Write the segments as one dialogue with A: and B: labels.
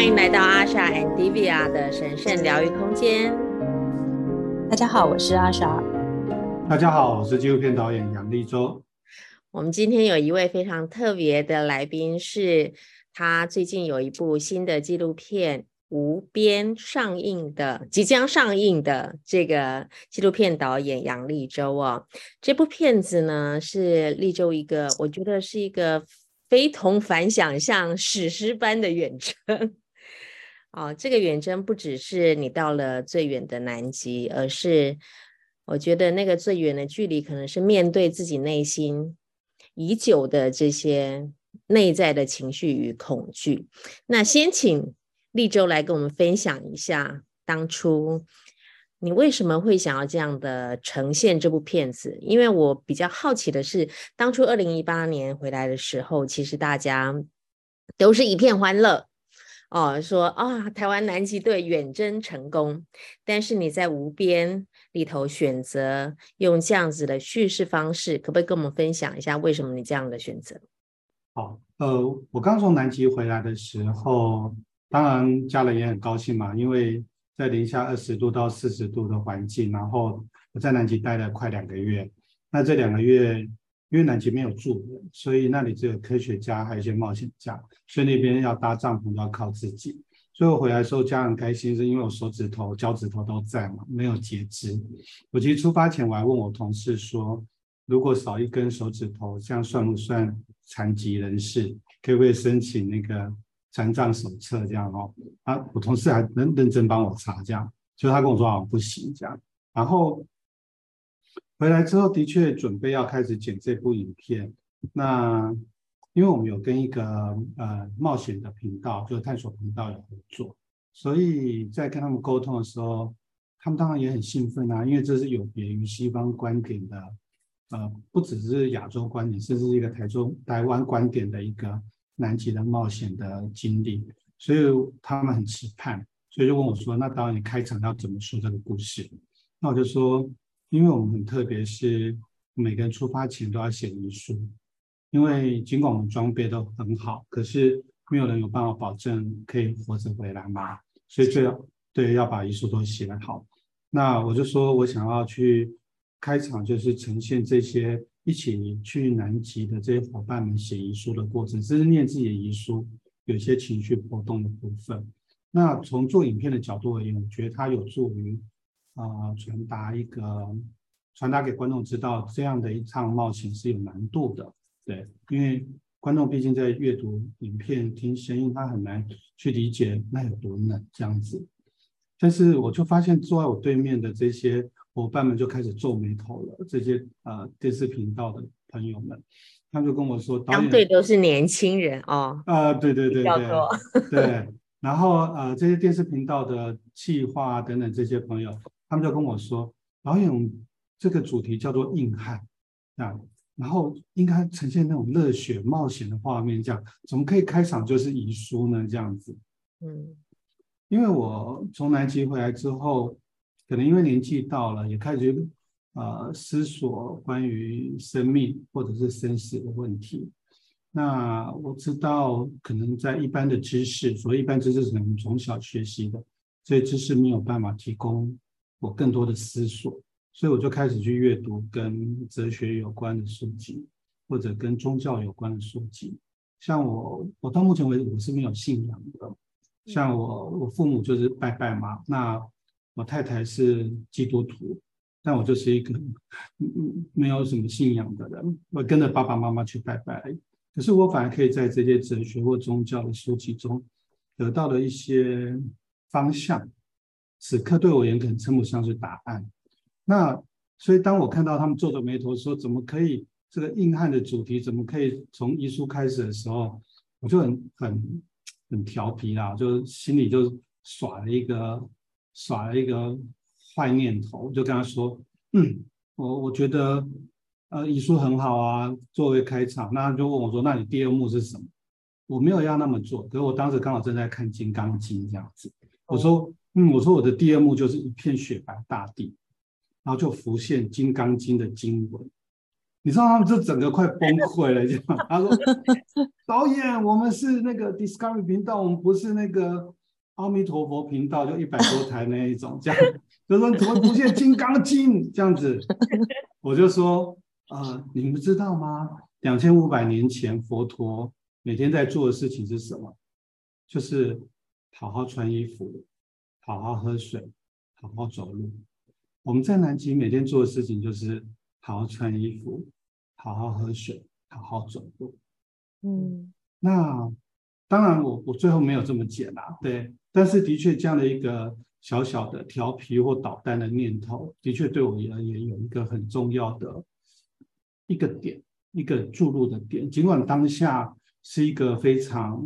A: 歡迎來到阿莎 and Divya 的神聖療癒空間。大家好，我是阿莎。
B: 大家好，我是紀錄片導演楊力州。
A: 我們今天有一位非常特別的來賓，是他最近有一部新的紀錄片《無邊》上映的，即將上映的這個紀錄片導演楊力州啊、哦。這部片子呢，是力州一個，我覺得是一個非同凡響、像史詩般的遠征。哦，這個遠征不只是你到了最遠的南極，而是我覺得那個最遠的距離，可能是面對自己內心已久的這些內在的情緒與恐懼。那先請力州來跟我們分享一下，當初你為什麼會想要這樣的呈現這部片子？因為我比較好奇的是，當初二零一八年回來的時候，其實大家都是一片歡樂。哦，說啊，哦，台灣南極隊遠征成功，但是你在無邊裡頭選擇用這樣子的敘事方式，可不可以跟我們分享一下為什麼你這樣的選擇？
B: 好，呃，我剛從南極回來的時候，當然家人也很高興嘛，因為在零下二十度到四十度的環境，然後我在南極待了快兩個月，那這兩個月。因為南極沒有住人，所以那裡只有科學家還有一些冒險家，所以那邊要搭帳篷要靠自己。最後回來的時候，家人開心是因為我手指頭、腳趾頭都在嘛，沒有截肢。我其實出發前我還問我同事說，如果少一根手指頭，這樣算不算殘疾人士？可不可以申請那個殘障手冊這樣？哦，啊，我同事還認真幫我查這樣，所以他跟我說好像不行這樣。然後。回來之後，的確準備要開始剪這部影片。那因為我們有跟一個呃冒險的頻道，就是探索頻道有合作，所以在跟他們溝通的時候，他們當然也很興奮啊，因為這是有別於西方觀點的，呃，不只是亞洲觀點，甚至是一個台中台灣觀點的一個南極的冒險的經歷，所以他們很期盼，所以就問我說：“那當然，你開場要怎麼說這個故事？”那我就說。因為我們很特別，是每個人出發前都要寫遺書，因為儘管我們裝備都很好，可是沒有人有辦法保證可以活着回來嘛，所以就要對，對，要把遺書都寫好。那我就說我想要去開場，就是呈現這些一起去南極的這些夥伴們寫遺書的過程，甚至念自己的遺書，有些情緒波動的部分。那從做影片的角度而言，我覺得它有助於。啊、呃，傳達一個傳達給觀眾知道，這樣的一場冒險是有難度的，對，因為觀眾畢竟在閱讀影片、聽聲音，他很難去理解那有多難這樣子。但是我就發現坐在我對面的這些夥伴們就開始皺眉頭了，這些呃電視頻道的朋友們，他們就跟我說，當對
A: 都是年輕人哦，啊、呃，對對對對，
B: 要 對，然後呃這些電視頻道的企劃等等這些朋友。他們就跟我說：“導演，這個主題叫做‘硬漢’啊，然後應該呈現那種熱血冒險的畫面。這樣，怎麼可以開場就是遺書呢？這樣子，嗯，因為我從南極回來之後，可能因為年紀到了，也開始啊、呃、思索關於生命或者是生死的問題。那我知道，可能在一般的知識，所以一般知識是我們從小學習的，所以知識沒有辦法提供。”我更多的思索，所以我就開始去閱讀跟哲學有關的書籍，或者跟宗教有關的書籍。像我，我到目前為止我是沒有信仰的。像我，我父母就是拜拜嘛。那我太太是基督徒，但我就是一個沒有什麼信仰的人。我跟着爸爸媽媽去拜拜，可是我反而可以在這些哲學或宗教的書籍中得到了一些方向。此刻對我也可能稱不上是答案。那所以當我看到他們皺着眉頭說“怎麼可以這個硬漢的主題怎麼可以從遺書開始”的時候，我就很很很調皮啦，就心裡就耍了一個耍了一個壞念頭，就跟他說：“嗯，我我覺得呃遺書很好啊，作為開場。”那他就問我說：“那你第二幕是什麼？”我沒有要那麼做，可是我當時剛好正在看《金剛經》這樣子，我說。哦嗯，我說我的第二幕就是一片雪白大地，然後就浮現《金剛經》的經文。你知道他們就整個快崩潰了，這樣他說：“導演，我們是那個 Discovery 頻道，我們不是那個阿彌陀佛頻道，就一百多台那一種這樣。”他說：“怎麼浮現《金剛經》這樣子？”我就說：“啊、呃，你們知道嗎？兩千五百年前佛陀每天在做的事情是什麼？就是好好穿衣服。”好好喝水，好好走路。我們在南極每天做的事情就是好好穿衣服，好好喝水，好好走路。嗯，那當然我、我、我最後沒有這麼簡答。對，但是的確這樣的一個小小的調皮或搗蛋的念頭，的確對我而言有一個很重要的一個點，一個注入的點。儘管當下是一個非常……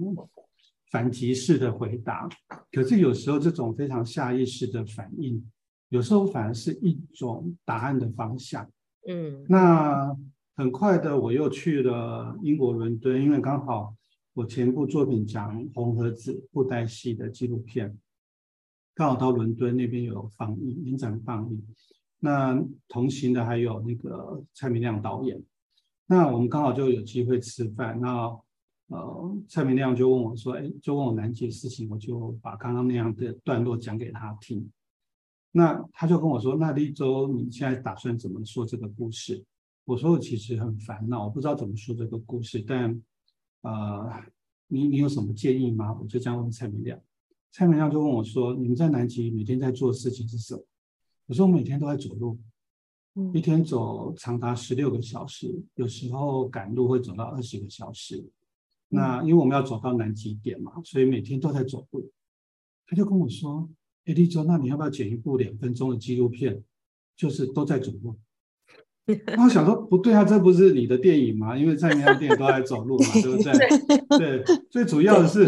B: 反擊式的回答，可是有時候這種非常下意識的反應，有時候反而是一種答案的方向。嗯，那很快的我又去了英國倫敦，因為剛好我前部作品講紅盒子布袋戲的紀錄片，剛好到倫敦那邊有放映，影展放映。那同行的還有那個蔡明亮導演，那我們剛好就有機會吃飯。那呃，蔡明亮就問我說：“哎，就問我南極的事情。”我就把剛剛那樣的段落講給他聽。那他就跟我說：“那力州你現在打算怎麼說這個故事？”我說：“我其實很煩惱，我不知道怎麼說這個故事。但呃，你你有什麼建議嗎？”我就這樣問蔡明亮。蔡明亮就問我說：“你們在南極每天在做事情是什麼？”我說：“我每天都在走路，一天走長達十六個小時，有時候趕路會走到二十個小時。”那因為我們要走到南極點嘛，所以每天都在走路。他就跟我說：“哎、欸，力州，那你要不要剪一部兩分鐘的紀錄片？就是都在走路。” 我想說，不對啊，這不是你的電影嗎？因為在蔡明亮電影都在走路嘛， 對不對？ 對，最主要的是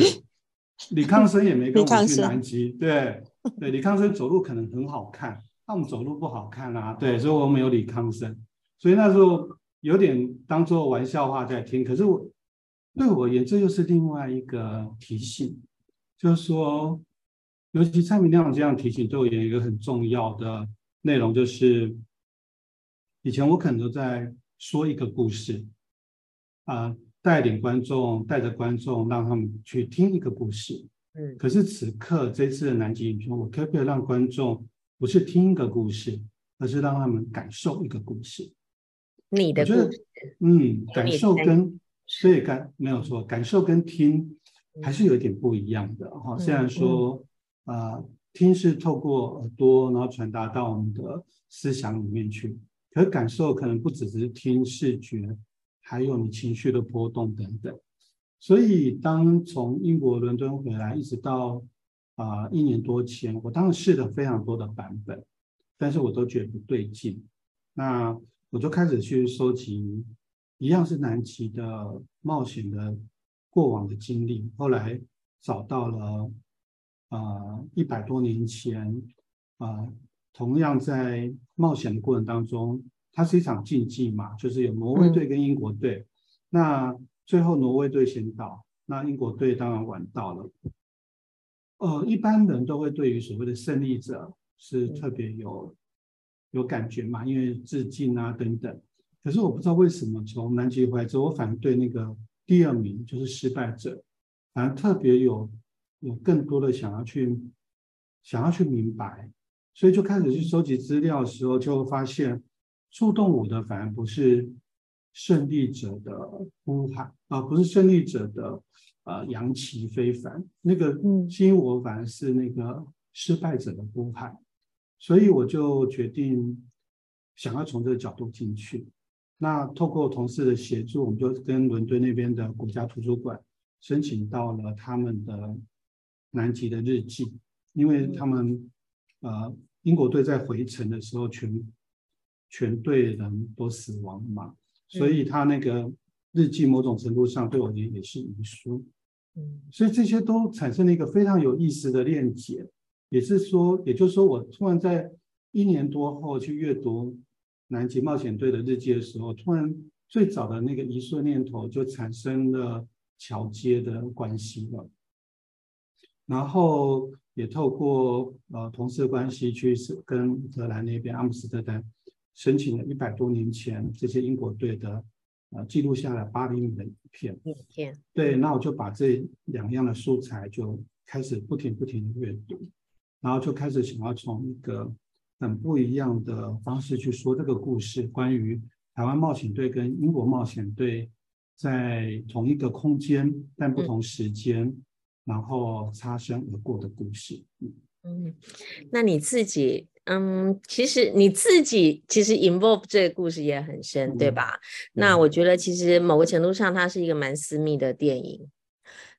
B: 李康生也沒跟我們去南極。 對對，李康生走路可能很好看，但我們走路不好看啊。對，所以我沒有李康生，所以那時候有點當做玩笑話在聽。可是我。對我而言，這又是另外一個提醒，就是說，尤其蔡明亮這樣提醒對我有一個很重要的內容就是，以前我可能都在說一個故事，啊、呃，帶領觀眾，帶觀眾，帶着觀眾，讓他們去聽一個故事。嗯、可是此刻這次的南極影片，我可不可以讓觀眾不是聽一個故事，而是讓他們感受一個故事。
A: 你的故
B: 事。嗯，感受跟。所以感，沒有錯，感受跟聽還是有一點不一樣的哈。雖然說啊、嗯嗯、呃，聽是透過耳朵，然後傳達到我們的思想裡面去，可是感受可能不只是聽、視覺，還有你情緒的波動等等。所以當從英國倫敦回來，一直到啊、呃、一年多前，我當時試了非常多的版本，但是我都覺得不對勁。那我就開始去收集。一樣是南極的冒險的過往的經歷，後來找到了啊，呃，一百多年前啊，呃，同樣在冒險的過程當中，它是一場競技嘛，就是有挪威隊跟英國隊，那最後挪威隊先到，那英國隊當然晚到了。呃，一般人都會對於所謂的勝利者是特別有有感覺嘛，因為致敬啊等等。可是我不知道為什麼從南極回來之後，我反對那個第二名就是失敗者，反而特別有有更多的想要去想要去明白，所以就開始去收集資料的時候，就發現觸動我的反而不是勝利者的呼喊啊，不是勝利者的呃揚起非凡，那個吸引我反而是那個失敗者的呼喊，所以我就決定想要從這個角度進去。那透過同事的協助，我們就跟倫敦那邊的國家圖書館申請到了他們的南極的日記，因為他們呃英國隊在回程的時候全全隊人都死亡了嘛，
C: 所以他
B: 那個日記某種程度上對我也也是遺書，所以這些都產生了一個非常有意思的鏈接，也是說，也就是說，我突然在一年多後去閱讀。南極冒險隊的日記的時候，突然最早的那個遺失念頭就產生了橋接的關係了。然後也透過呃同事關係去跟荷蘭那邊阿姆斯特丹申請了一百多年前這些英國隊的呃記錄下了八厘米的影片，影片，Yeah. 對，那我就把這兩樣的素材就開始不停不停的閱讀，然後就開始想要從一個。很不一樣的方式去說這個故事，關於台灣冒險隊跟英國冒險隊在同一個空間，但不同時間，嗯、然後擦身而過的故事。嗯，
A: 那你自己，嗯，其實你自己其實 involve 這個故事也很深，嗯、對吧？嗯、那我覺得其實某個程度上，它是一個蠻私密的電影，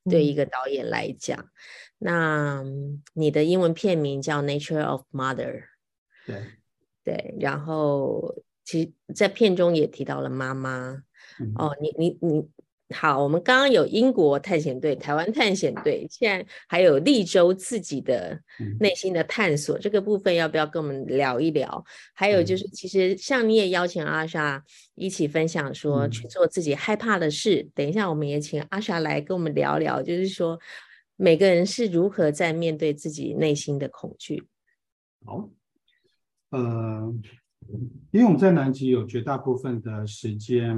A: 嗯、
C: 對一
A: 個導演來講。那你的英文片名叫《Nature of Mother》。對，對，然後其實，在片中也提到了媽媽、嗯、哦。你你你好，我們剛剛有英國探險隊、台灣探險隊，好現在還有力州自己的內心的探索、嗯、這個部分，要不要跟我們聊一聊？還有就是，其實像你也邀請阿莎一起分享，說去做自己害怕的事。嗯、等一下，我們也請阿莎來跟我們聊聊，就是說每個人是如何在面對自己內心的恐懼。好。
B: 呃，因為我們在南極有絕大部分的時間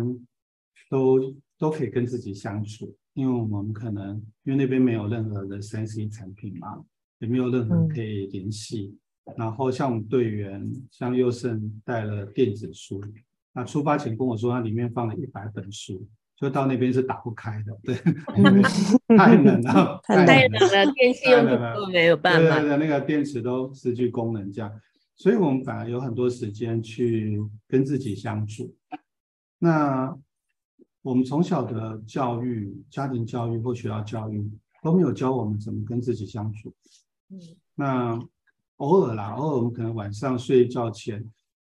B: 都都可以跟自己相處，因為我們可能因為那邊沒有任何的三 C 產品嘛，也沒有任何可以聯繫。嗯、然後像我們隊員，像佑勝帶了電子書，那出發前跟我說他裡面放了一百本書，就到那邊是打不開的，對，因
D: 為太冷
B: 了， 太冷了，
C: 太冷了電器
B: 又沒有辦法，對，對對對，那個電池都失去功能這樣。所以我們反而有很多時間去跟自己相處。那我們從小的教育、家庭教育或學校教育都沒有教我們怎麼跟自己相處。嗯，那偶爾啦，偶爾我們可能晚上睡覺前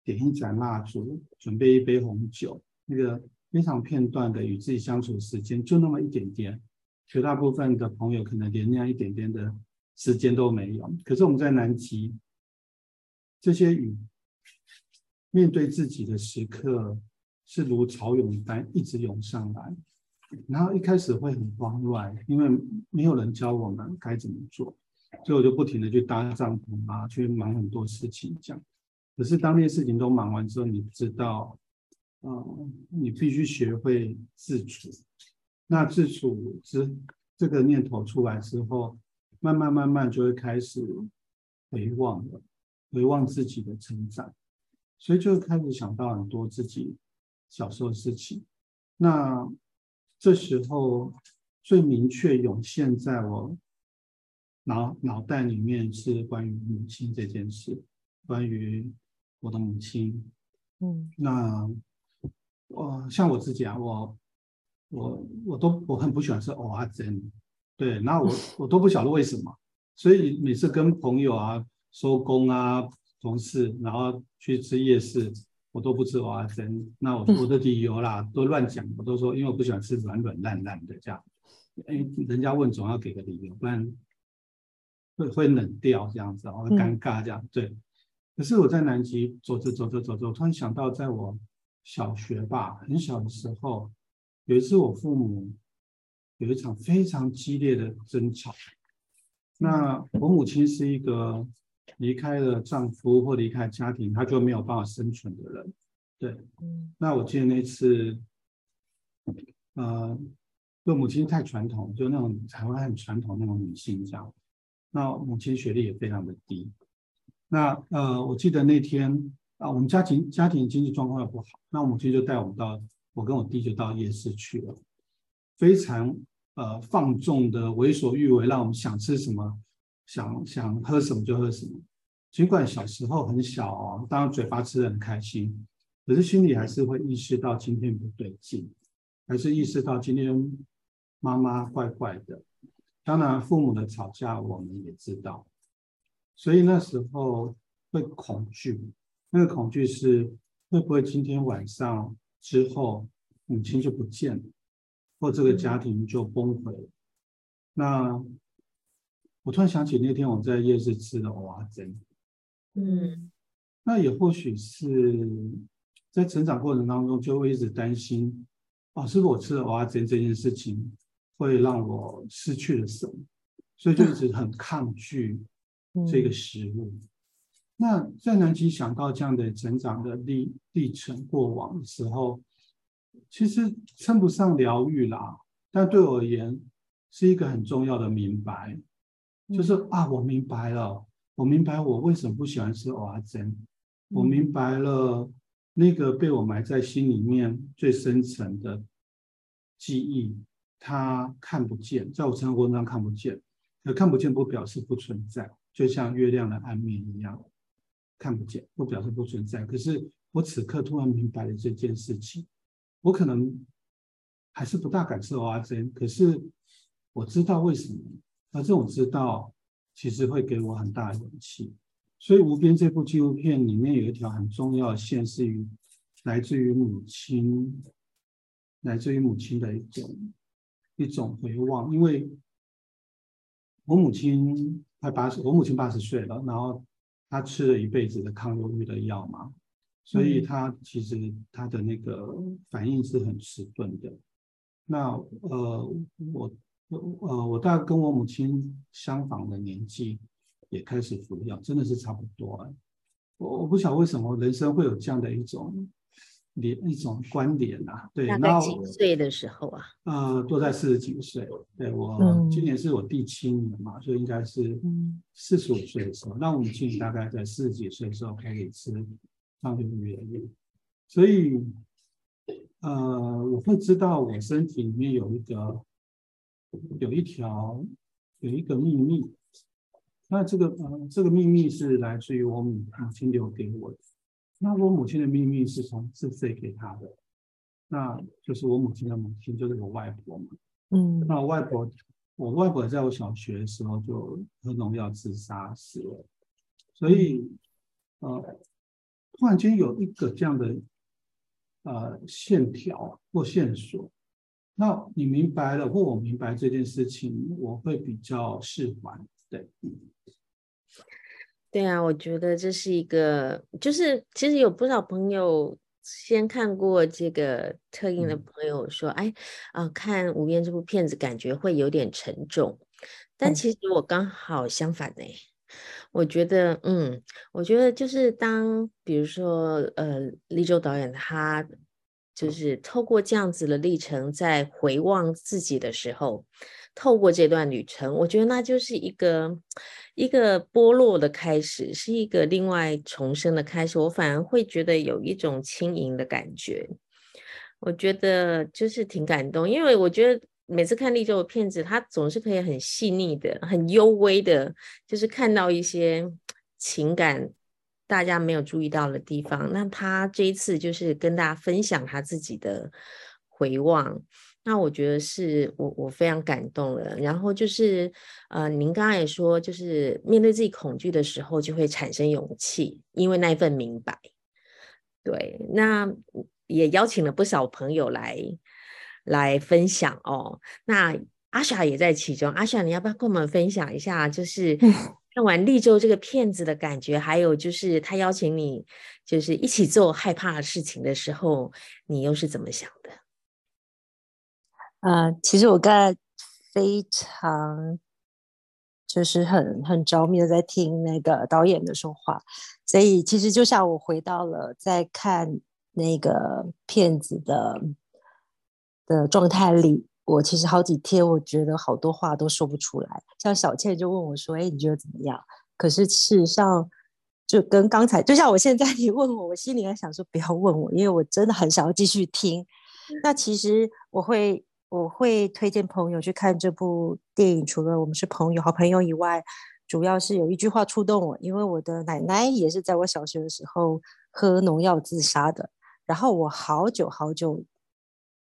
B: 點一盞蠟燭，準備一杯紅酒，那個非常片段的與自己相處時間就那麼一點點。絕大部分的朋友可能連那樣一點點的時間都沒有。可是我們在南極，這些雨面對自己的時刻，是如潮湧般一直湧上來，然後一開始會很慌亂，因為沒有人教我們該怎麼做，所以我就不停的去搭帳篷啊，去忙很多事情這樣。可是當那些事情都忙完之後，你不知道，啊、呃，你必須學會自處。那自處之這個念頭出來之後，慢慢慢慢就會開始回望了。回望自己的成長，所以就開始想到很多自己小時候的事情。那這時候最明確湧現在我腦腦袋裡面是關於母親這件事，關於我的母親。嗯，那我像我自己啊，我我我都我很不喜歡吃藕、哦、啊之類的。對，那我我都不曉得為什麼，所以每次跟朋友啊。收工啊，同事，然後去吃夜市，我都不吃哇、啊，真那我我的理由啦，嗯、都亂講，我都說，因為我不喜歡吃軟軟爛爛的這樣，哎，人家問總要給個理由，不然會會冷掉這樣子，然後尷尬這樣，對。可是我在南極走着走着走着，我突然想到，在我小學吧，很小的時候，有一次我父母有一場非常激烈的爭吵，那我母親是一個。離開了丈夫或離開家庭，她就沒有辦法生存的人。對，那我記得那次，呃，就母親太傳統，就那種台灣很傳統那種女性這樣。那母親學歷也非常的低。那呃，我記得那天啊，我們家庭家庭經濟狀況又不好，那母親就帶我們到，我跟我弟就到夜市去了，非常呃放縱的為所欲為，讓我們想吃什麼，想想喝什麼就喝什麼，儘管小時候很小哦，當然嘴巴吃得很開心，可是心裡還是會意識到今天不對勁，還是意識到今天媽媽怪怪的。當然父母的吵架我們也知道，所以那時候會恐懼，那個恐懼是會不會今天晚上之後母親就不見了，或這個家庭就崩潰了？那，我突然想起那天我在夜市吃的蚵仔煎，嗯，那也或許是在成長過程當中就會一直擔心，哦，是不是我吃了蚵仔煎這件事情會讓我失去了什麼？所以就一直很抗拒這個食物。嗯，那在南極想到這樣的成長的歷歷程過往的時候，其實稱不上療癒啦，但對我而言是一個很重要的明白。就是啊，我明白了，我明白我為什麼不喜歡吃蚵仔煎。我明白了，那個被我埋在心裡面最深層的記憶，它看不見，在我生活當中看不見。可看不見不表示不存在，就像月亮的暗面一樣，看不見不表示不存在。可是我此刻突然明白了這件事情，我可能還是不大敢吃蚵仔煎，可是我知道為什麼。反是我知道，其實會給我很大的勇氣。所以《無邊》這部紀錄片裡面有一條很重要的線，是來自於母親，來自於母親的一種一種回望。因為我母親快八十，我母親八十歲了，然後她吃了一輩子的抗憂鬱的藥嘛，所以她其實她的那個反應是很遲鈍的。那呃，我。呃，我大概跟我母親相仿的年紀，也開始服藥，真的是差不多。我我不曉得為什麼人生會有這樣的一種連一種關聯吶、啊？對，大概幾
A: 歲的時候啊？
B: 呃，都在四十幾歲。對，我今年是我第七年嘛，嗯、就應該是四十五歲的時候。那我母親大概在四十幾歲的時候開始吃抗血凝藥物，所以呃，我會知道我身體裡面有一個。有一條有一個祕密，那這個、呃、這個祕密是來自於我母親留給給我的。那我母親的祕密是從是誰給他的？那就是我母親的母親，就是我外婆嘛。嗯，那我外婆，我外婆在我小學的時候就喝農藥自殺死了。所以，呃，突然間有一個這樣的呃線條或線索。那你明白了，或我明白，這件事情，我會比較釋懷。
A: 對，嗯、對啊，我覺得這是一個，就是其實有不少朋友先看過這個特映的朋友說，哎、嗯，啊、呃，看《無邊》這部片子感覺會有點沉重，但其實我剛好相反呢、欸。嗯、我覺得，嗯，我覺得就是當，比如說，呃，力州導演他。就是透過這樣子的歷程，在回望自己的時候，透過這段旅程，我覺得那就是一個一個剝落的開始，是一個另外重生的開始。我反而會覺得有一種輕盈的感覺，我覺得就是挺感動，因為我覺得每次看力州的片子，他總是可以很細膩的、很幽微的，就是看到一些情感。大家沒有注意到的地方，那他這一次就是跟大家分享他自己的回望。那我覺得是我我非常感動了。然後就是，呃，您剛才也說，就是面對自己恐懼的時候，就會產生勇氣，因為那一份明白。對，那也邀請了不少朋友來來分享哦。那 Asha 也在其中，Asha，你要不要跟我們分享一下？就是。 那玩力州這個片子的感覺，還有就是他邀請你就是一起做害怕的事情的時候，你又是怎麼想的？
D: 啊，其實我剛才非常就是很很着迷的在聽那個導演的說話，所以其實就像我回到了在看那個片子的的狀態裡。我其實好幾天，我覺得好多話都說不出來。像小倩就問我說：“哎，你覺得怎麼樣？”可是事實上，就跟剛才，就像我現在你問我，我心裡還想說：“不要問我，因為我真的很想要繼續聽。”嗯，那其實我會我會推薦朋友去看這部電影，除了我們是朋友、好朋友以外，主要是有一句話觸動我，因為我的奶奶也是在我小學的時候喝農藥自殺的。然後我好久好久，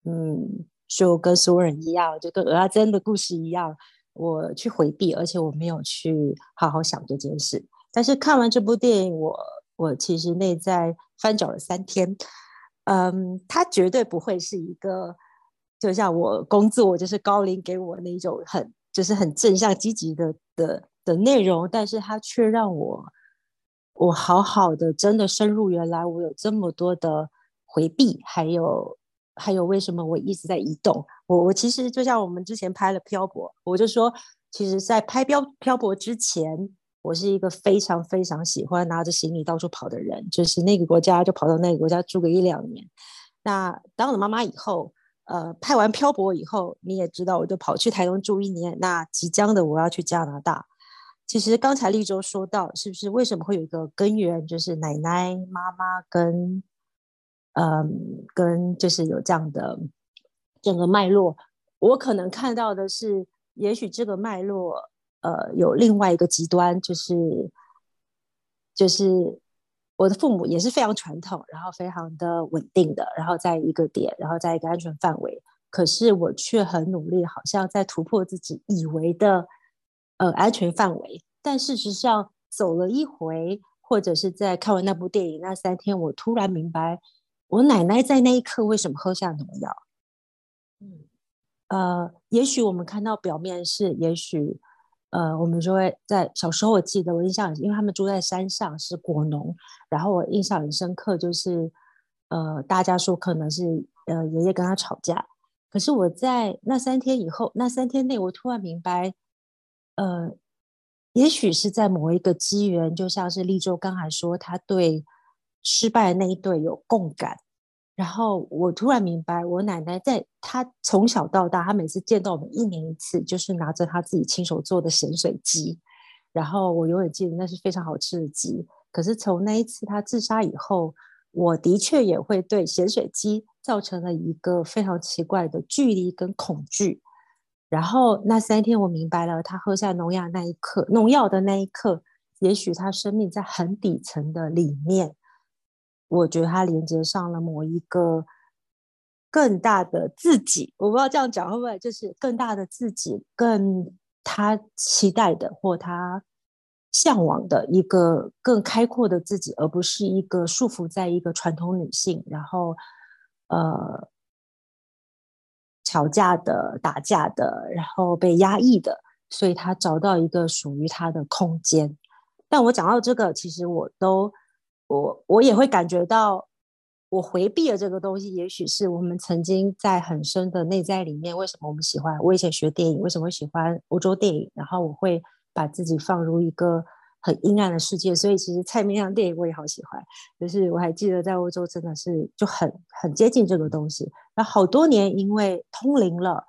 D: 嗯。就跟所有人一樣，就跟額爾登的故事一樣，我去回避，而且我沒有去好好想這件事。但是看完這部電影，我我其實內在翻找了三天。嗯，它絕對不會是一個，就像我工作就是高靈給我那種很就是很正向積極的的的內容，但是它卻讓我我好好的真的深入，原來我有這麼多的回避，還有。還有為什麼我一直在移動？我我其實就像我們之前拍了《漂泊》，我就說，其實，在拍《漂漂泊》之前，我是一個非常非常喜歡拿着行李到處跑的人，就是那個國家就跑到那個國家住個一兩年。那當了媽媽以後，呃，拍完《漂泊》以後，你也知道，我就跑去台東住一年。那即將的我要去加拿大。其實剛才力州說到，是不是為什麼會有一個根源，就是奶奶、媽媽跟？嗯，跟就是有這樣的整個脈絡，我可能看到的是，也許這個脈絡，呃，有另外一個極端，就是就是我的父母也是非常傳統，然後非常的穩定的，然後在一個點，然後在一個安全範圍。可是我卻很努力，好像在突破自己以為的呃安全範圍。但事實上，走了一回，或者是在看完那部電影那三天，我突然明白。我奶奶在那一刻為什麼喝下農藥？嗯，呃，也許我們看到表面是，也許，呃，我們說在小時候我記得，我印象，因為他們住在山上是果農，然後我印象很深刻，就是，呃，大家說可能是呃爺爺跟他吵架，可是我在那三天以後，那三天內，我突然明白，呃，也許是在某一個機緣，就像是力州剛才說，他對。失敗的那一對有共感，然後我突然明白，我奶奶在，她從小到大，她每次見到我們一年一次，就是拿着她自己親手做的鹹水雞，然後我永遠記得那是非常好吃的雞。可是從那一次她自殺以後，我的確也會對鹹水雞造成了一個非常奇怪的距離跟恐懼。然後那三天我明白了，她喝下農藥那一刻，農藥的那一刻，也許她生命在很底層的裡面。我覺得他連接上了某一個更大的自己，我不知道這樣講會不會就是更大的自己，更他期待的或他嚮往的一個更開闊的自己，而不是一個束縛在一個傳統女性，然後呃吵架的、打架的，然後被壓抑的，所以他找到一個屬於他的空間。但我講到這個，其實我都。我我也會感覺到，我回避了這個東西，也許是我們曾經在很深的內在裡面，為什麼我們喜歡？我以前學電影，為什麼會喜歡歐洲電影？然後我會把自己放入一個很陰暗的世界，所以其實蔡明亮電影我也好喜歡，就是我還記得在歐洲真的是就很很接近這個東西。然後好多年因為通靈了，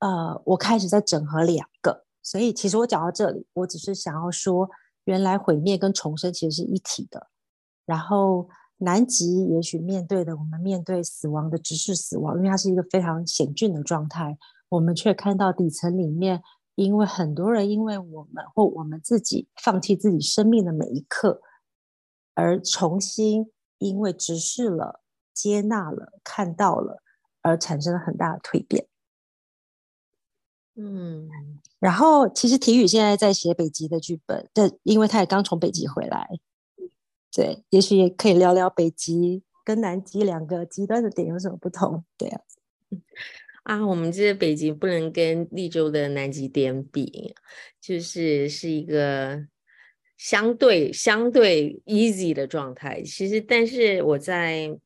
D: 呃，我開始在整合兩個，所以其實我講到這裡，我只是想要說，原來毀滅跟重生其實是一體的。然後，南極也許面對的，我們面對死亡的、直視死亡，因為它是一個非常險峻的狀態。我們卻看到底層裡面，因為很多人、因為我們或我們自己放棄自己生命的每一刻，而重新因為直視了、接納了、看到了，而產生了很大的蛻變。嗯，然後其實廷宇現在在寫北極的劇本，但因為他也剛從北極回來。對，也許也可以聊聊北極跟南極兩個極端的點有什麼不同，對啊，
A: 啊我們這些北極不能跟力州的南極點比，就是是一個相對相對 easy 的狀態。其實，但是我在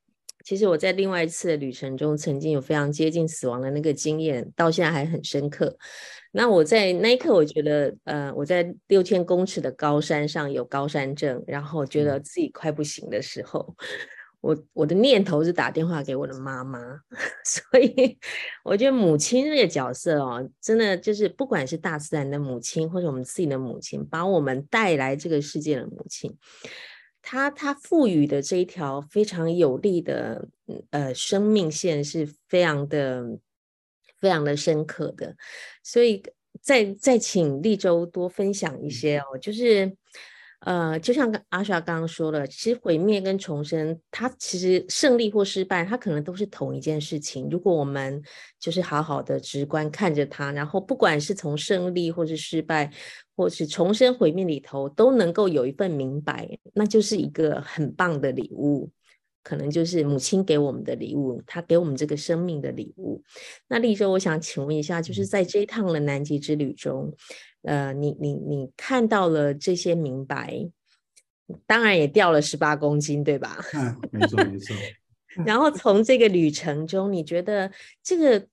A: 其實我在另外一次的旅程中，曾經有非常接近死亡的那個經驗，到現在還很深刻。那我在那一刻，我覺得，呃，我在六千公尺的高山上有高山症，然後覺得自己快不行的時候，我我的念頭是打電話給我的媽媽，所以我覺得母親這個角色哦，真的就是不管是大自然的母親，或者我們自己的母親，把我們帶來這個世界的母親，她她賦予的這一條非常有力的呃生命線是非常的。非常的深刻的，所以再再請力州多分享一些哦，嗯、就是呃，就像阿莎剛剛說了，其實毀滅跟重生，它其實勝利或失敗，它可能都是同一件事情。如果我們就是好好的直觀看着它，然後不管是從勝利或是失敗，或是重生毀滅裡頭，都能夠有一份明白，那就是一個很棒的禮物。可能就是母親給我們的禮物，她給我們這個生命的禮物。那力州，我想請問一下，就是在這一趟的南極之旅中，呃，你你你看到了這些明白，當然也掉了十八公斤，對吧？
D: 沒錯、啊、
A: 沒錯。沒錯 然後從這個旅程中，你覺得這個？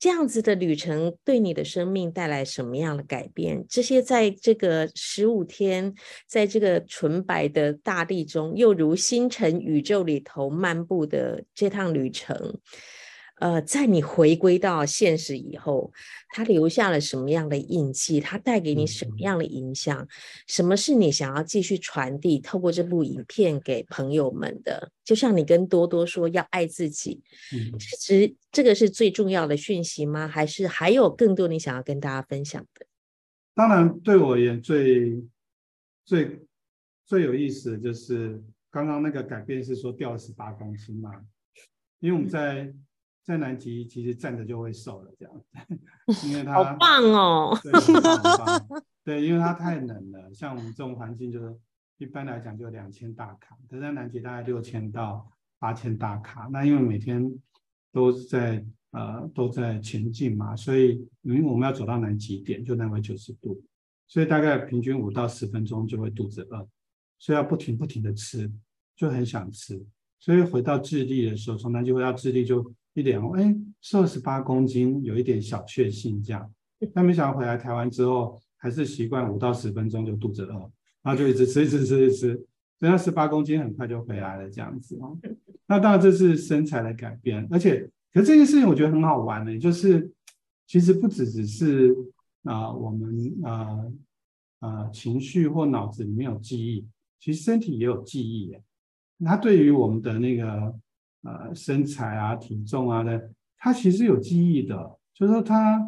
A: 這樣子的旅程對你的生命帶來什麼樣的改變？這些在這個十五天，在這個純白的大地中，又如星辰宇宙裡頭漫步的這趟旅程。呃，在你回歸到現實以後，它留下了什麼樣的印記？它帶給你什麼樣的影響？嗯、什麼是你想要繼續傳遞透過這部影片給朋友們的？就像你跟多多說要愛自己，其實、嗯、這個是最重要的訊息嗎？還是還有更多你想要跟大家分享的？
B: 當然，對我而言最最最有意思的就是剛剛那個改變是說掉了十八公斤嘛，因為我們在、嗯。在南極其實站着就會瘦了，這樣，因為它好棒哦，對，很棒很棒，對，因為它太冷了。像我們這種環境就，就是一般來講就兩千大卡，它在南極大概六千到八千大卡。那因為每天都是在呃都在前進嘛，所以因為我們要走到南極點，就南緯九十度，所以大概平均五到十分鐘就會肚子餓，所以要不停不停的吃，就很想吃。所以回到智利的時候，從南極回到智利就。一點哦，哎，瘦了十八公斤，有一點小確幸這樣。他沒想到回來台灣之後，還是習慣五到十分鐘就肚子餓，然後就一直吃，一直吃，一直吃，一直吃，所以那十八公斤很快就回來了這樣子。那當然這是身材的改變，而且，可是這件事情我覺得很好玩的、欸，就是其實不只只是啊、呃，我們啊啊、呃呃、情緒或腦子裡面有記憶，其實身體也有記憶耶、欸。它對於我們的那個。呃，身材啊、體重啊的，他其實有記憶的。就是說，他，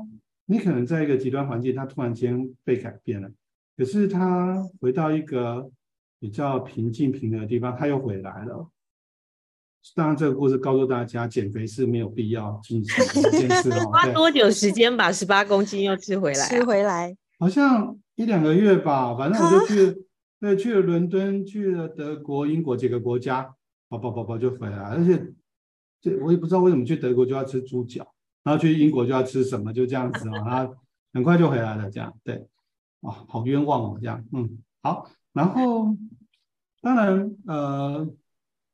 B: 你可能在一個極端環境，他突然間被改變了，可是他回到一個比較平靜平的地方，他又回來了。當然，這個故事告訴大家，減肥是沒有必要進行這件事的。花多久時
A: 間把十八公斤又吃回來？吃回來，
B: 好像一兩個月吧。反正我就去，對，去了倫敦，去了德國、英國幾個國家。寶寶寶寶就回來，而且，這我也不知道為什麼去德國就要吃豬腳，然後去英國就要吃什麼，就這樣子嘛，他很快就回來了，這樣對，啊、哦，好冤枉哦，這樣，嗯，好，然後當然，呃，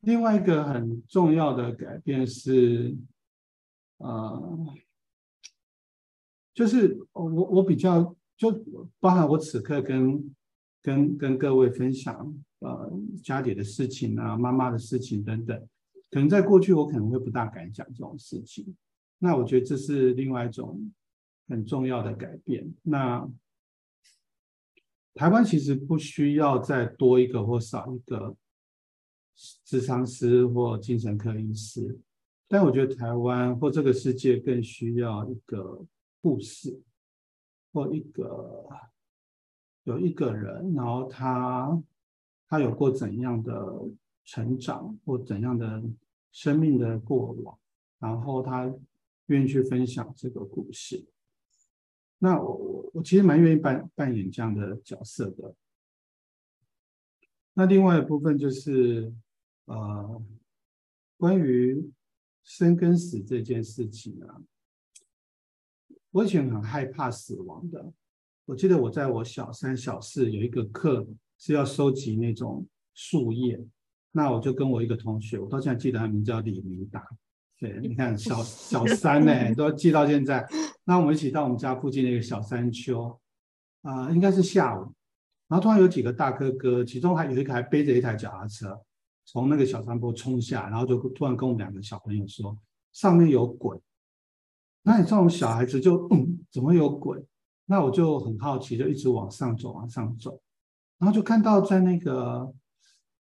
B: 另外一個很重要的改變是，呃，就是我我比較就包含我此刻跟跟跟各位分享，呃，家裡的事情啊，媽媽的事情等等，可能在過去我可能會不大敢講這種事情。那我覺得這是另外一種很重要的改變。那台灣其實不需要再多一個或少一個諮商師或精神科醫師，但我覺得台灣或這個世界更需要一個護士或一個有一個人，然後他。他有過怎樣的成長，或怎樣的生命的過往，然後他願意去分享這個故事。那我我我其實蠻願意扮扮演這樣的角色的。那另外一部分就是，呃，關於生跟死這件事情啊，我以前很害怕死亡的。我記得我在我小三小四有一個課。是要收集那種樹葉，那我就跟我一個同學，我到現在記得他名字叫李明達。對，你看小，不是，小三呢、欸，都記到現在。那我們一起到我們家附近那個小山丘，啊、呃，應該是下午。然後突然有幾個大哥哥，其中還有一個還背着一台腳踏車，從那個小山坡衝下，然後就突然跟我們兩個小朋友說：“上面有鬼。”那你這種小孩子就嗯，怎麼會有鬼？那我就很好奇，就一直往上走，往上走。然後就看到在那個